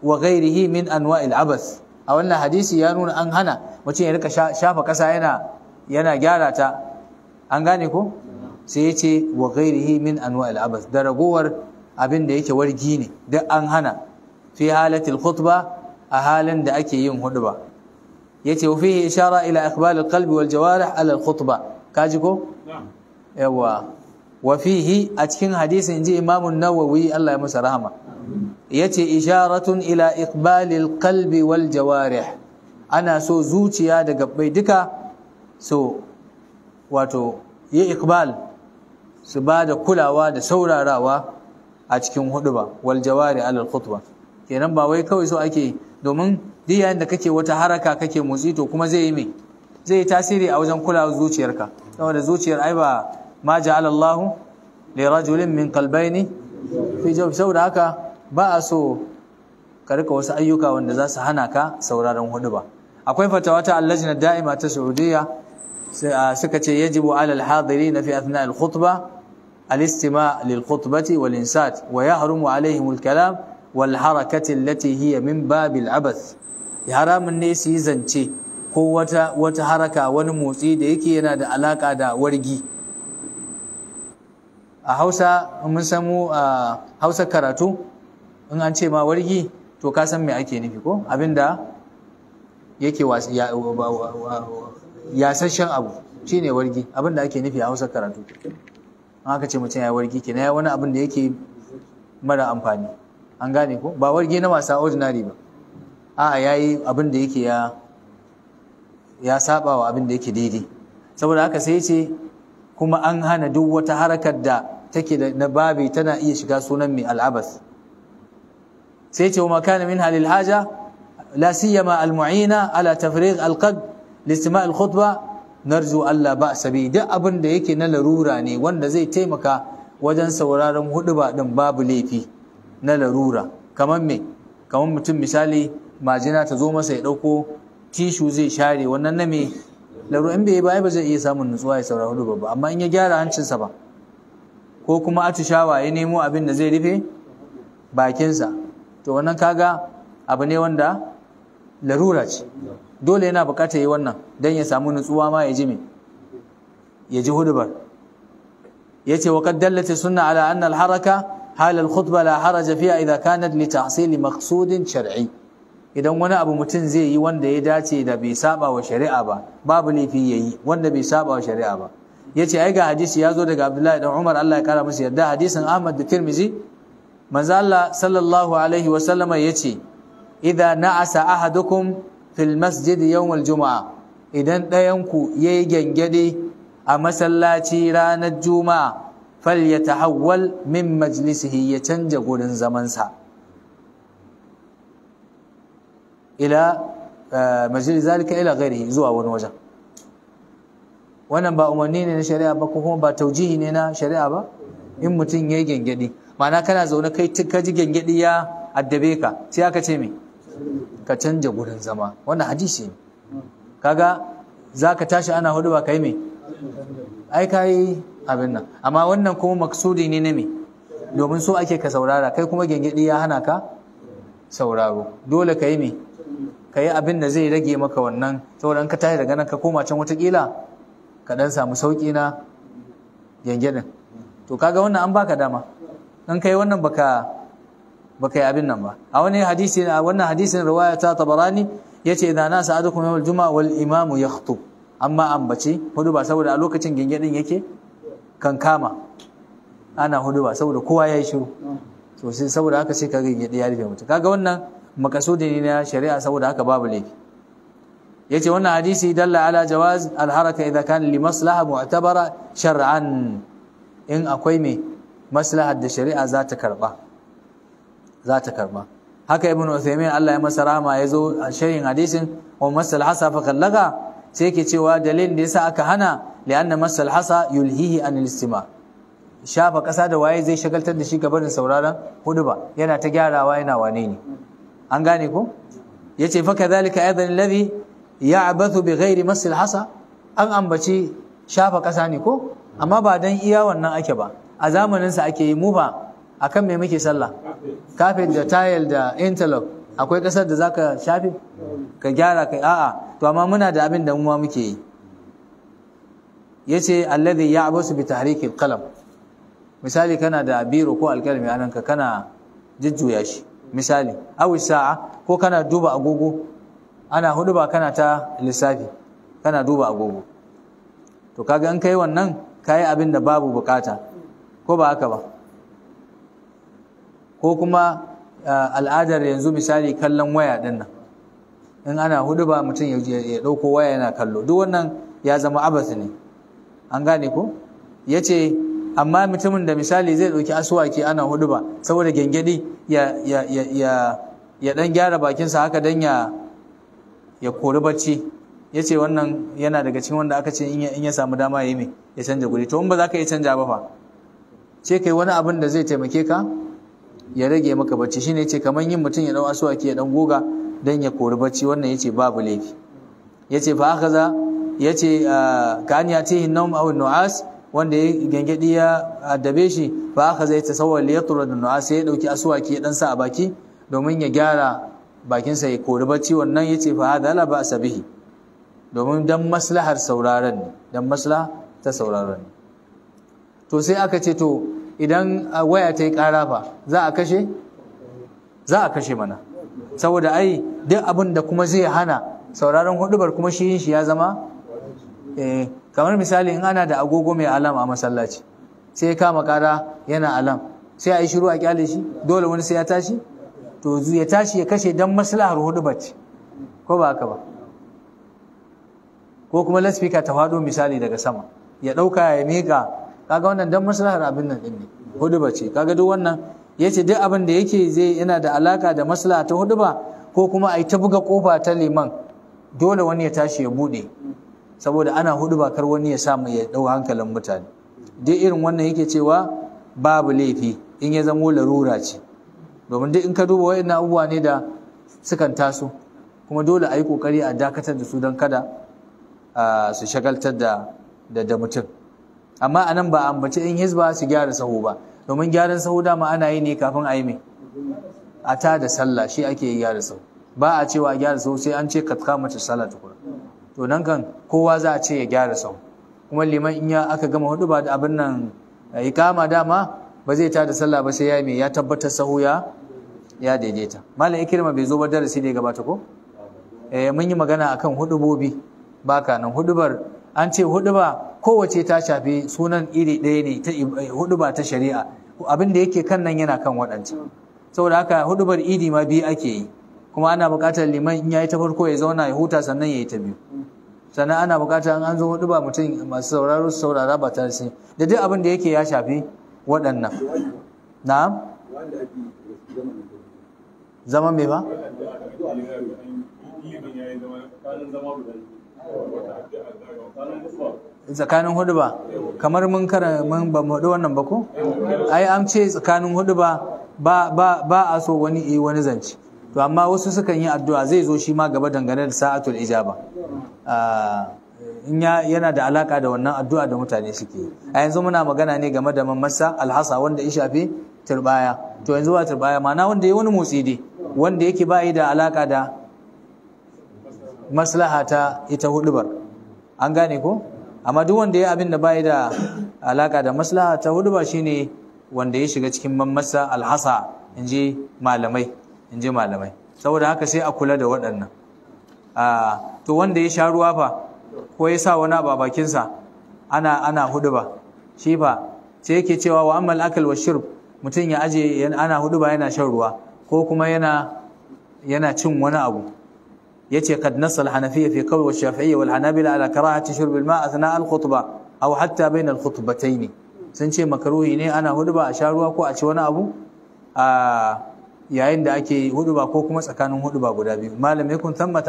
wa ghairihi min anwa'il abas a wannan hadisi ya nuna an hana mutum ya rika shafa kasa yana yana gyara ta an gane ko sai ya ce wa ghairihi min anwa'il abas da ragowar abin da yake wargi ne duk an hana fi halatil khutba a halin da ake yin hudba yace wa fihi ishara ila iqbal kalbi wal jawarih ala alkhutba kaji ko yawa وفيه a cikin hadisin ji الله nawawi Allah ya masa rahama yace isharatun ila iqbalil سو wal دغ ana so zuciya da gabbai duka so wato ya سوراراوا su ba da kulawa da saurarawa a cikin huduba wal jawari alal khutba kenan ba wai kawai so ake domin duk yayin da kake wata haraka kake motsi to kuma zai yi mai zai yi tasiri a wajen kulawa zuciyarka saboda zuciyar ai ba ma ja'ala Allahu li rajulin min qalbayni fi jawfi saboda haka ba a so ka rika wasu ayyuka wanda za su hana ka sauraron hudu ba akwai fatawa ta allajna da'ima ta saudiya ah, suka ce yajibu ala na fi athna alkhutba الاستماع Wa والإنسات ويحرم عليهم الكلام والحركة التي هي من باب العبث حرام الناس zance ko wata wata haraka wani motsi da yake yana da alaka da wargi a hausa mun samu a hausa karatu in an ce ma wargi to ka san me ake nufi ko abinda yake yasashen abu shine wargi abinda ake nufi a hausa karatu an haka ce mutum ya wargi kenan ya wani abin da yake mara amfani an gane ko ba wargi na wasa ordinary ba a'a yayi abin da yake ya ya saba wa abin da yake daidai saboda haka sai ce kuma an hana duk wata harakar da take na babi tana iya shiga sunan mai al'abas sai ce wa kana minha lil haja la siyama al mu'ina ala tafriq al qad li istima' al khutba narju Allah ba sabi duk abin da yake na larura ne wanda zai taimaka wajen sauraron huduba din babu laifi na larura kamar me kamar mutum misali majina ta zo masa ya dauko tishu zai share wannan na me larura in bai ba ba zai iya samun nutsuwa ya saurari huduba ba amma in ya gyara hancinsa ba ko kuma atishawa ya nemo abin da zai rufe bakinsa to wannan kaga abu ne wanda larura ce dole yana bukata yi wannan don ya samu nutsuwa ma ya ji me ya ji hudubar ya ce wa kaddallata suna ala annal haraka halal khutba la haraja fiya idan kanat li tahsili maqsudin shar'i idan wani abu mutum zai yi wanda ya dace da bai saba wa shari'a ba babu laifi yayi wanda bai saba wa shari'a ba ya ce ai ga hadisi ya zo daga Abdullahi dan Umar Allah ya kara masa yarda hadisin Ahmad da Tirmizi manzo Allah sallallahu alaihi wa sallama ce idza na'asa ahadukum fil masjid yawm al Juma'a idan ɗayanku ku yayi gengede a masallaci ranar juma'a fal falyatahawwal min majlisihi ya canja gurin zamansa ila eh, majlis zalika ila ghairihi zuwa wani wajen wannan ba umarni ne na shari'a ba ko kuma ba taujihi ne na shari'a ba in mutum ya yi gyangyaɗi ma'ana kana zaune kai tuka ji gyangyaɗi ya addabe ka sai aka ce me ka canja gurin zama wannan hadisi ne kaga za ka tashi ana hudu ba ka yi me ai ka yi abin nan amma wannan kuma maksudi ne na me domin so ake ka saurara kai kuma gyangyaɗi ya hana ka sauraro dole ka yi me ka yi abin da zai rage maka wannan saboda in ka tashi daga nan ka koma can watakila ka dan samu sauki na gyangyaɗin to kaga wannan an baka dama in kai wannan baka baka yi abin nan ba a wani hadisi a wannan hadisin riwaya ta tabarani yace idan na sa'adukum kuma juma'a wal imamu yakhutub amma ambace hudu ba saboda a lokacin gyangyaɗin yake kan kama ana hudu ba saboda kowa ya yi shiru to sai saboda haka sai ka gyangyaɗi ya rufe mutum kaga wannan makasudi ne na shari'a saboda haka babu laifi yace wannan hadisi dalla ala jawaz alharaka idan kana li maslaha mu'tabara shar'an in akwai me maslahar da shari'a za ta karba za ta karba haka ibn Uthaymeen Allah ya masa rahama ya zo a sharhin hadisin wa masal hasa fa kallaga sai yake cewa dalilin da yasa aka hana li'anna masal hasa yulhihi anil istima shafa kasa da waye zai shagaltar da shi gaban sauraron ba? yana ta gyarawa yana wane ne an gane ko yace fa kadhalika aidan alladhi ya abathu bi ghairi masil hasa an ambaci shafa ƙasa ne ko amma ba dan iya wannan ake ba a zamanin sa ake yi mu ba akan me muke sallah kafin da tile da interlock akwai ƙasar da zaka shafe ka gyara kai a'a to amma muna da abin da mu ma muke yi yace alladhi ya'busu bi tahriki alqalam misali kana da biro ko alkalmi anan ka kana jujjuya shi misali awi sa'a ko kana duba agogo ana hudu ba kana ta lissafi kana duba agogo to kaga in kai wannan kayi abin da babu bukata ko ba haka ba ko kuma al'adar yanzu misali kallon waya din nan in ana hudu ba mutum ya dauko waya yana kallo duk wannan ya zama abas ne an gane ko yace amma mutumin da misali zai dauki asuwaki ana hudu ba saboda gengedi ya ya ya ya dan gyara bakinsa haka dan ya ya kori bacci ya ce wannan yana daga cikin wanda aka ce in ya samu dama ya yi ya canja guri to in ba za ka iya canja ba fa ce kai wani abin da zai taimake ka ya rage maka bacci shine yace kaman yin mutum ya dau asuwaki ya dan goga dan ya kori bacci wannan yace babu laifi yace fa haka yace kan ya ah, tihi nawm aw nu'as wanda ya gangadi ya addabe shi fa haka zai tasawwal li yatrud nuas ya dauki asuwaki ya dan sa a baki domin ya gyara bakinsa ya kori bacci wannan ya ce fa hadha la ba'sa domin dan maslahar sauraron ne dan maslaha ta sauraron ne to sai aka ce to idan waya ta yi ƙara fa za a kashe za a kashe mana saboda ai duk abin da kuma zai hana sauraron hudubar kuma shi shi ya zama eh kamar misali in ana da agogo mai alam a masallaci sai ya kama ƙara yana alam sai a yi shiru a kyale shi dole wani sai ya tashi to ya tashi ya kashe don maslahar hudu bace ko ba haka ba ko kuma laspika ta fado misali daga sama ya ɗauka ya miƙa kaga wannan don maslahar abin nan din ne hudu bace kaga duk wannan ya ce duk abin da yake zai yana da alaka da maslaha ta hudu ba ko kuma a yi ta buga kofa ta liman dole wani ya tashi ya bude. saboda ana hudu ba kar wani ya samu ya dau hankalin mutane duk irin wannan yake cewa babu laifi in ya zamo larura ce domin duk in ka duba wayannan abubuwa ne da sukan taso kuma dole a yi kokari a dakatar da su don kada su shagaltar da mutum amma nan ba a ambaci in hisba su gyara sahu ba domin gyaran sahu dama ana yi ne kafin a yi mai a ta da sallah shi ake yi gyara sahu ba a cewa gyara sahu sai an ce ka ta sallah tukura. to nan kan kowa za a ce ya gyara sahu kuma liman in ya aka gama hudu ba da abin nan ya kama dama ba zai ta da sallah ba sai ya yi mai ya tabbatar sahu ya ya daidaita malam ikirma bai zo ba darasi da ya gabata ko eh mun yi magana akan hudubobi baka nan hudubar an ce huduba kowace ta shafi sunan iri ɗaya ne ta eh, huduba ta shari'a abin da yake kan nan yana kan waɗancan saboda haka hudubar idi ma biyu ake yi kuma ana buƙatar liman in yayi ta farko ya zauna ya huta sannan ya yi ta biyu sannan ana buƙatar an zo huduba mutum masu sauraro su saurara ba ta sai da duk abin da yake ya shafi waɗannan na'am zama mai ba tsakanin hudu ba kamar mun kara mun ba mu wannan ba ko ai an ce tsakanin hudu ba ba a so wani eh wani zance to amma wasu sukan yi addu'a zai zo shi ma gaba dangane da sa'atul ijaba ah, in yana da alaka da wannan addu'a da mutane suke a yanzu muna magana ne game da mamassa alhasa wanda ya shafi turbaya to yanzu ba turbaya ma'ana wanda ya wani motsi dai wanda yake bayi da alaka da maslaha ta ita hudubar an gane ko amma duk wanda ya abin da bayi da alaka da maslaha ta hudubar shine wanda ya shiga cikin mamasa alhasa inji malamai inji malamai saboda haka sai a kula da waɗannan to wanda ya sha ruwa fa ko ya sa wani ba bakinsa ana ana huduba shi fa sai yake cewa wa amal akal wa shirb mutum ya aje ana huduba yana shan ruwa ko kuma yana yana cin wani abu yace kad nasal hanafiyya fi qawl wa shafi'iyya wal hanabila ala karahati shurb al ma' athna al khutba aw hatta bayna al khutbatayn sun ce makarohi ne ana hudba a sha ruwa ko a ci wani abu a yayin da ake hudba ko kuma tsakanin hudba guda biyu malam yakun thamma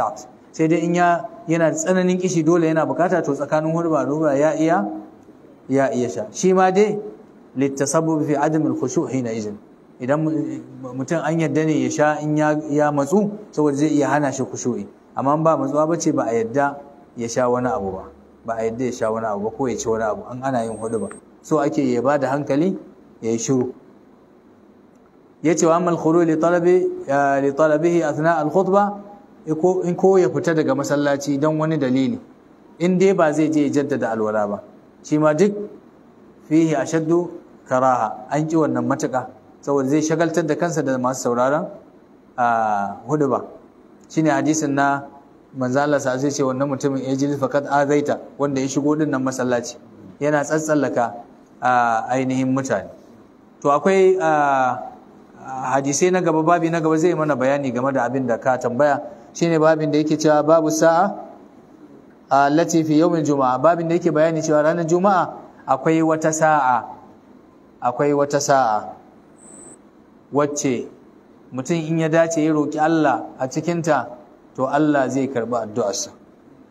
sai dai in ya yana tsananin kishi dole yana bukata to tsakanin hudba ruwa ya iya ya iya sha shi ma dai litasabbu fi adam al khushu' hina izin idan mutum an yadda ne ya sha in ya matsu saboda zai iya hana shi kushu'i amma ba matsuwa ba ce ba a yadda ya sha wani abu ba ba a yadda ya sha wani abu ba ko ya ci wani abu an ana yin hudu ba so ake ya ba da hankali ya yi shiru ya ce wa amma alkhuru li talabihi athna alkhutba in ko ya fita daga masallaci don wani dalili in dai ba zai je ya jaddada alwala ba shi ma duk fihi ashaddu karaha an ki wannan matuƙa saboda zai shagaltar da kansa da masu sauraron a hudu ba ne hadisin na manzala sa zai ce wannan mutumin ya jini fakat azaita wanda ya shigo din masallaci yana tsatsallaka a ainihin mutane to akwai hadisai na gaba babi na gaba zai mana bayani game da abin da ka tambaya Shi ne babin da yake cewa babu sa'a allati fi yawmin juma'a babin da yake bayani cewa ranar juma'a akwai akwai wata sa'a wacce mutum in ya dace ya roƙi Allah a cikinta to Allah zai karɓi addu'arsa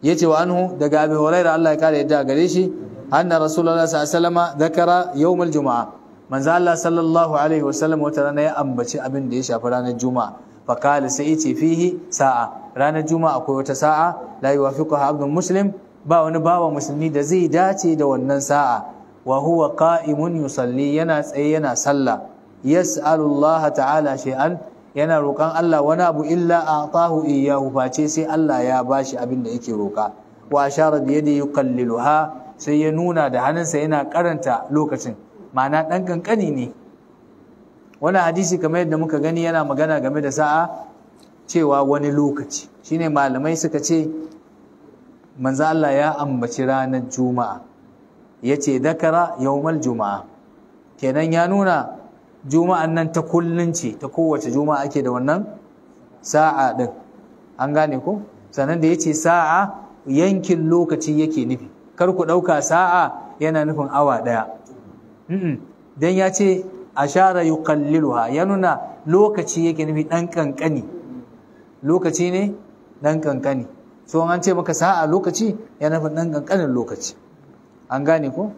ya ce wa anhu daga abin huraira Allah ya kare yadda gare shi anna rasulullah sallallahu alaihi wasallam zakara mal juma'a manzo Allah sallallahu alaihi wasallam wata rana ya ambaci abin da ya shafi ranar juma'a fa qala sai yace fihi sa'a ranar juma'a akwai wata sa'a la yuwafiquha abdun muslim ba wani bawa musulmi da zai dace da wannan sa'a wa huwa qa'imun yusalli yana tsaye yana sallah yas'alullaha ta'ala shay'an yana roƙan Allah wani abu illa atahu iyyahu face sai Allah ya bashi abin da yake roƙa wa ashara bi yadi yuqalliluha sai ya nuna da hannunsa yana karanta lokacin ma'ana dan kankani ne Wani hadisi kamar yadda muka gani yana magana game da sa'a cewa wani lokaci shine malamai suka ce manzo Allah ya ambaci ranar juma'a yace dakara yawmal juma'a kenan ya nuna juma'an nan ta kullun ce ta kowace juma'a ake da wannan sa'a din an gane ko sannan da yace sa'a yankin lokaci yake nufi kar ku dauka sa'a yana nufin awa ɗaya. dan ya ce ashara yuqalliluha ya nuna lokaci yake nufi dan kankani lokaci ne dan kankani so an ce maka sa'a lokaci ya nufin dan ƙanƙanin lokaci an gane ko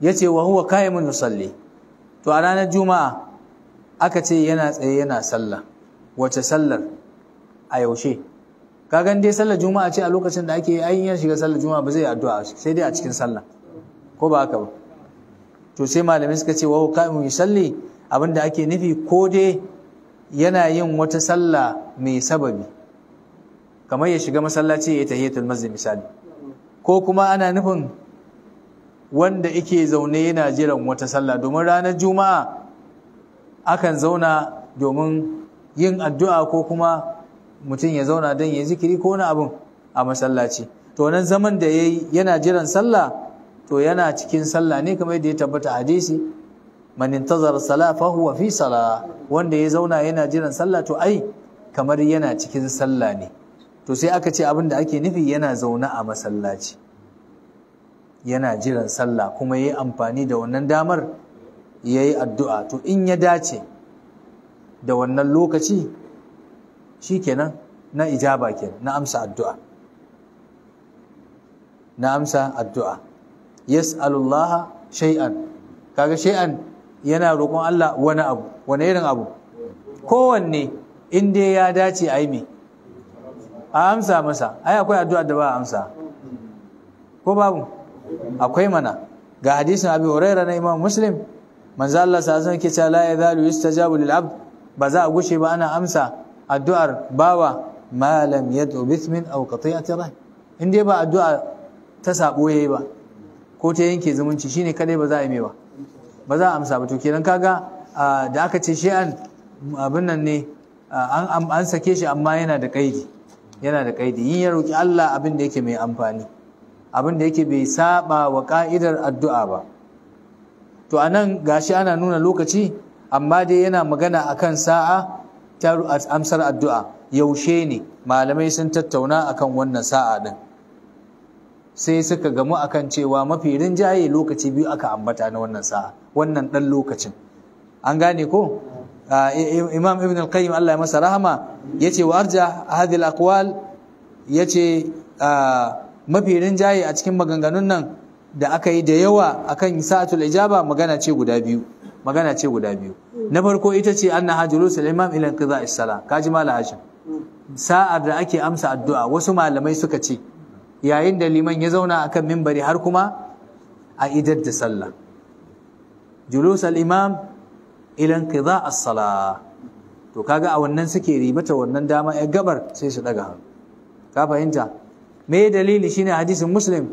yace wa huwa qa'imun yusalli to a ranar juma'a aka ce yana tsaye yana sallah wace sallar a yaushe kagan dai sallar juma'a ce a lokacin da ake ayin ya shiga sallar juma'a ba zai addu'a sai dai a cikin sallah ko ba haka ba to sai malamai suka ce wa salli abin da ake nufi ko dai yana yin wata sallah mai sababi kamar ya shiga masallaci ya tahiyatul masjid misali ko kuma ana nufin wanda yake zaune yana jiran wata sallah domin ranar juma'a akan zauna domin yin addu'a ko kuma mutum ya zauna don ya zikiri ko wani abin a masallaci to nan zaman da ya yana jiran sallah to yana cikin sallah ne kamar yadda ya tabbata hadisi man intazar sala fa huwa fi sala wanda ya zauna yana jiran sallah to ai kamar yana cikin sallah ne to sai aka ce abin da ake nufi yana zaune a masallaci yana jiran sallah kuma yayi amfani da wannan damar yayi addu'a to in ya dace da wannan lokaci shikenan na ijaba kenan na amsa addu'a na amsa addu'a yas'alullaha shay'an kaga shay'an yana roƙon Allah wani abu wani irin abu kowanne in dai ya dace a yi me a amsa masa ai akwai addu'a da ba a amsa ko babu akwai mana ga hadisin abu huraira na Imam Muslim manzo Allah sallallahu alaihi wasallam ke cewa la yazalu yustajabu lil abd ba za a gushe ba ana amsa addu'ar bawa ma lam yad'u bithmin aw qati'ati rahim in dai ba addu'a ta sabo yayi ba ko ta yanke zumunci shine kadai ba za a yi mai ba za a amsa ba to kenan kaga da aka ce an. abin nan ne an sake shi amma yana da kaidi yana da kaidi yin ya roki Allah abin da yake mai amfani abin da yake bai saba wa ka'idar addu'a ba to anan gashi ana nuna lokaci amma dai yana magana akan sa'a ta amsar addu'a yaushe ne malamai sun tattauna akan wannan sa'a din sai suka gamu akan cewa mafi rinjaye lokaci biyu aka ambata na wannan sa'a wannan dan lokacin an gane ko imam ibn al-qayyim Allah ya masa rahama yace wa arja hadhihi al-aqwal yace mafi rinjaye a cikin maganganun nan da aka yi da yawa akan sa'atul ijaba magana ce guda biyu magana ce guda biyu na farko ita ce anna hajjulu sulaiman ila qiza as-sala kaji mala hashim sa'ar da ake amsa addu'a wasu malamai suka ce yayin da liman ya zauna akan mimbari har kuma a idar da sallah julus al-imam ila sala to kaga a wannan suke ribata wannan dama ya gabar sai su daga ka fahimta me dalili shine hadisin muslim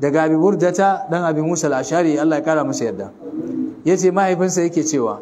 daga abi burdata dan abi musa al-ashari Allah ya kara masa yadda yace mahaifinsa yake cewa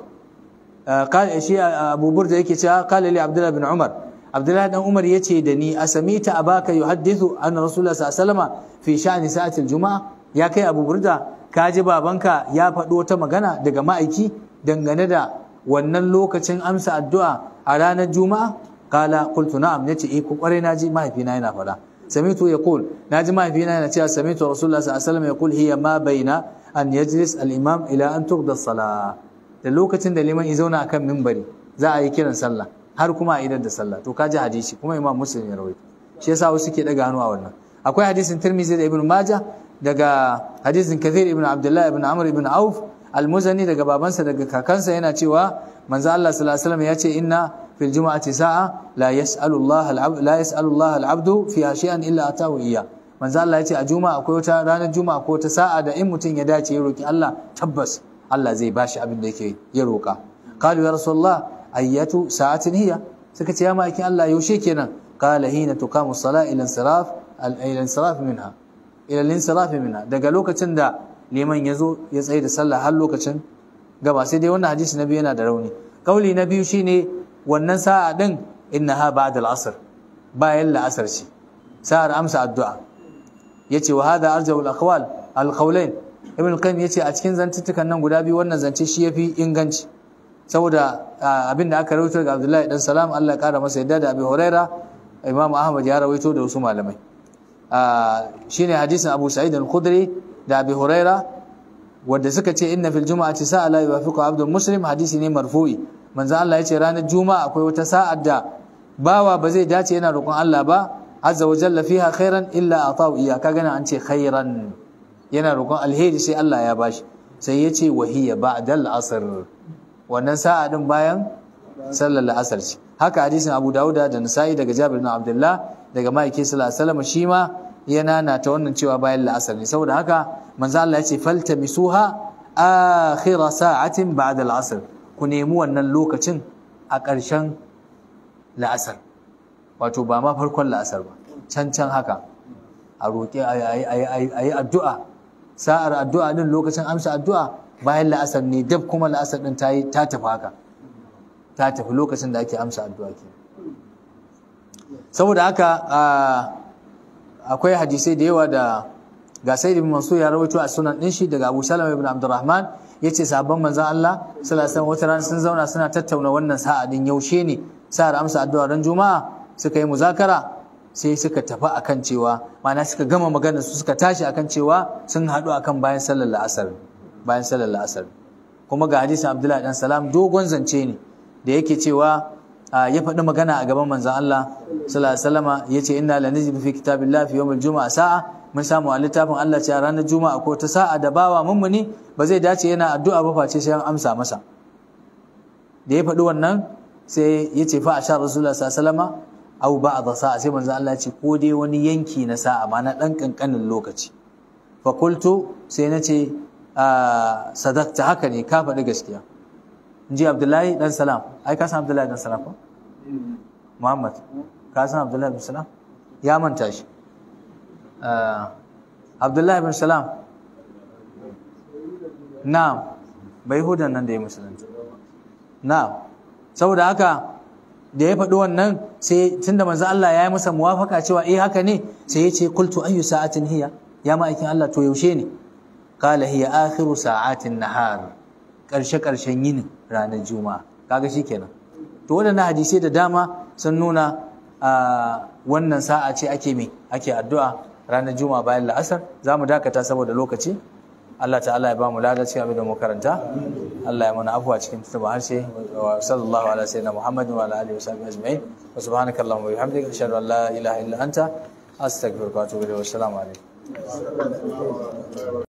kan ah, shi abu burda yake cewa qala li abdullah bin umar abdullah dan umar yace da ni asamita abaka yuhaddithu anna rasulullah sallallahu alaihi fi sha'ni sa'ati al-juma'a ya kai abu burda kaji babanka ya faɗo ta magana daga ma'aiki dangane da wannan lokacin amsa addu'a a ranar juma'a kala qultu na'am nace eh ko kware naji mahaifina yana faɗa samitu yaqul naji mahaifina yana cewa samitu rasulullah sallallahu alaihi wasallam yaqul hiya ma baina an yajlis al-imam ila an tuqda da lokacin da liman ya zauna akan minbari za yi kiran sallah har kuma a idar da sallah to kaji hadisi kuma imam muslim ya rawaito shi yasa wasu ke daga hannu a wannan akwai hadisin tirmizi da ibn majah daga hadisin kathir ibn abdullah ibn amr ibn auf al daga babansa daga kakansa yana cewa manzo Allah ya ce inna fil juma'ati sa'a la yas'alu Allah al-'abd la yas'alu Allah illa a iya manzo Allah yace a juma'a akwai wata ranar juma'a ko ta sa'a da in mutum ya dace ya roki Allah tabbas Allah zai ba shi abin da yake ya roka qalu ya rasulullah ayyatu sa'atin hiya suka ce ya ma'aikin Allah yaushe kenan qala hina tuqamu as-salaa ila insiraf ila insiraf minha daga lokacin da liman zo ya tsaye da sallah har lokacin gaba sai dai wannan hadisi na nabi yana da rauni kauli na biyu shine wannan sa'a din innaha ba'da al-asr bayan la'asar ce sa'ar amsa addu'a yace wa hadha arjahu al-aqwal al-qawlain ibn al-qayyim yace a cikin zantuttukan nan guda biyu wannan zance shi yafi inganci saboda abinda aka rawaito daga Abdullahi dan Salam Allah ya kara masa yadda da Abi Huraira Imam Ahmad ya rawaito da wasu malamai shine hadisin Abu Sa'id al-Khudri da Abi Huraira wanda suka ce inna fil juma'ati sa'a la yuwafiqu abdul muslim hadisi ne marfu'i manzo Allah ya ce ranar juma'a akwai wata sa'ar da bawa ba zai dace yana roƙon Allah ba azza wa jalla fiha khairan illa atahu iya ka nan an ce khairan yana roƙon alheri sai Allah ya bashi sai ya ce wahiya ba'dal asr wannan sa'a din bayan sallar la'asar ce haka hadisin Abu Dawuda da Nasa'i daga Jabir bin Abdullah daga Ma'aiki sallallahu alaihi wasallam shi ma yana na ta wannan cewa bayan la'asar ne saboda haka manzo Allah ya ce faltamisuha akhira sa'atin ba'da al'asr ku nemi wannan lokacin a ƙarshen la'asar wato ba ma farkon la'asar ba cancan can haka a roƙe a yi addu'a sa'ar addu'a ɗin lokacin amsa addu'a bayan la'asar ne dab kuma la'asar ɗin ta tafi haka ta tafi lokacin da ake amsa addu'a ke saboda haka akwai hadisai da yawa da ga sai ibn mansur ya rawaito a sunan din shi daga Abu Salama ibn Abdurrahman yace sabon manzan Allah sallallahu wata rana sun zauna suna tattauna wannan sa'adin yaushe ne sa'ar amsa addu'a ran juma'a suka yi muzakara sai suka tafi akan cewa ma'ana suka gama maganar su suka tashi akan cewa sun haɗu akan bayan sallar la'asar bayan sallar la'asar kuma ga hadisin Abdullahi dan Salam dogon zance ne da yake cewa ya faɗi magana a gaban manzan Allah sallallahu alaihi wasallama yace inna lanajibu fi kitabillahi fi yawmil juma'a sa'a mun samu a littafin Allah a ranar juma'a ko ta sa'a da bawa mummuni ba zai dace yana addu'a ba face sai an amsa masa da ya faɗi wannan sai ya ce fa a sha rasulullah sallallahu au ba a sa'a sai manzo Allah ya ce ko dai wani yanki na sa'a ma na dan kankanin lokaci fa kultu sai na ce ah, sadaqta haka ne ka faɗi gaskiya inji Abdullahi dan Salam ai ka san Abdullahi dan Salam ko Muhammad ka san Abdullahi dan Salam ya manta shi Ah, abdullahi bin salam na bai hudan nan da ya musulunta na saboda haka da ya faɗi wannan sai tunda manzo Allah ya yi masa muwafaka cewa eh haka ne sai ya ce kultu ayyu sa'atin hiya ya ma'aikin Allah to yaushe ne kala hiya akhiru sa'atin nahar ƙarshe karshen yini ranar juma'a kaga kenan." to wadannan hadisai da dama sun nuna ah, wannan sa'a ce ake me ake addu'a ranar juma bayan la'asar za mu dakata saboda lokaci Allah ta'ala ya ba mu ladaci cikin abin da mu karanta Allah ya mana afuwa cikin tuba harshe wa sallallahu ala sayyidina Muhammad wa ala alihi wa sahbihi ajma'in wa subhanakallahu wa bihamdika ashhadu an la ilaha illa anta astaghfiruka wa atubu ilayk wa assalamu alaikum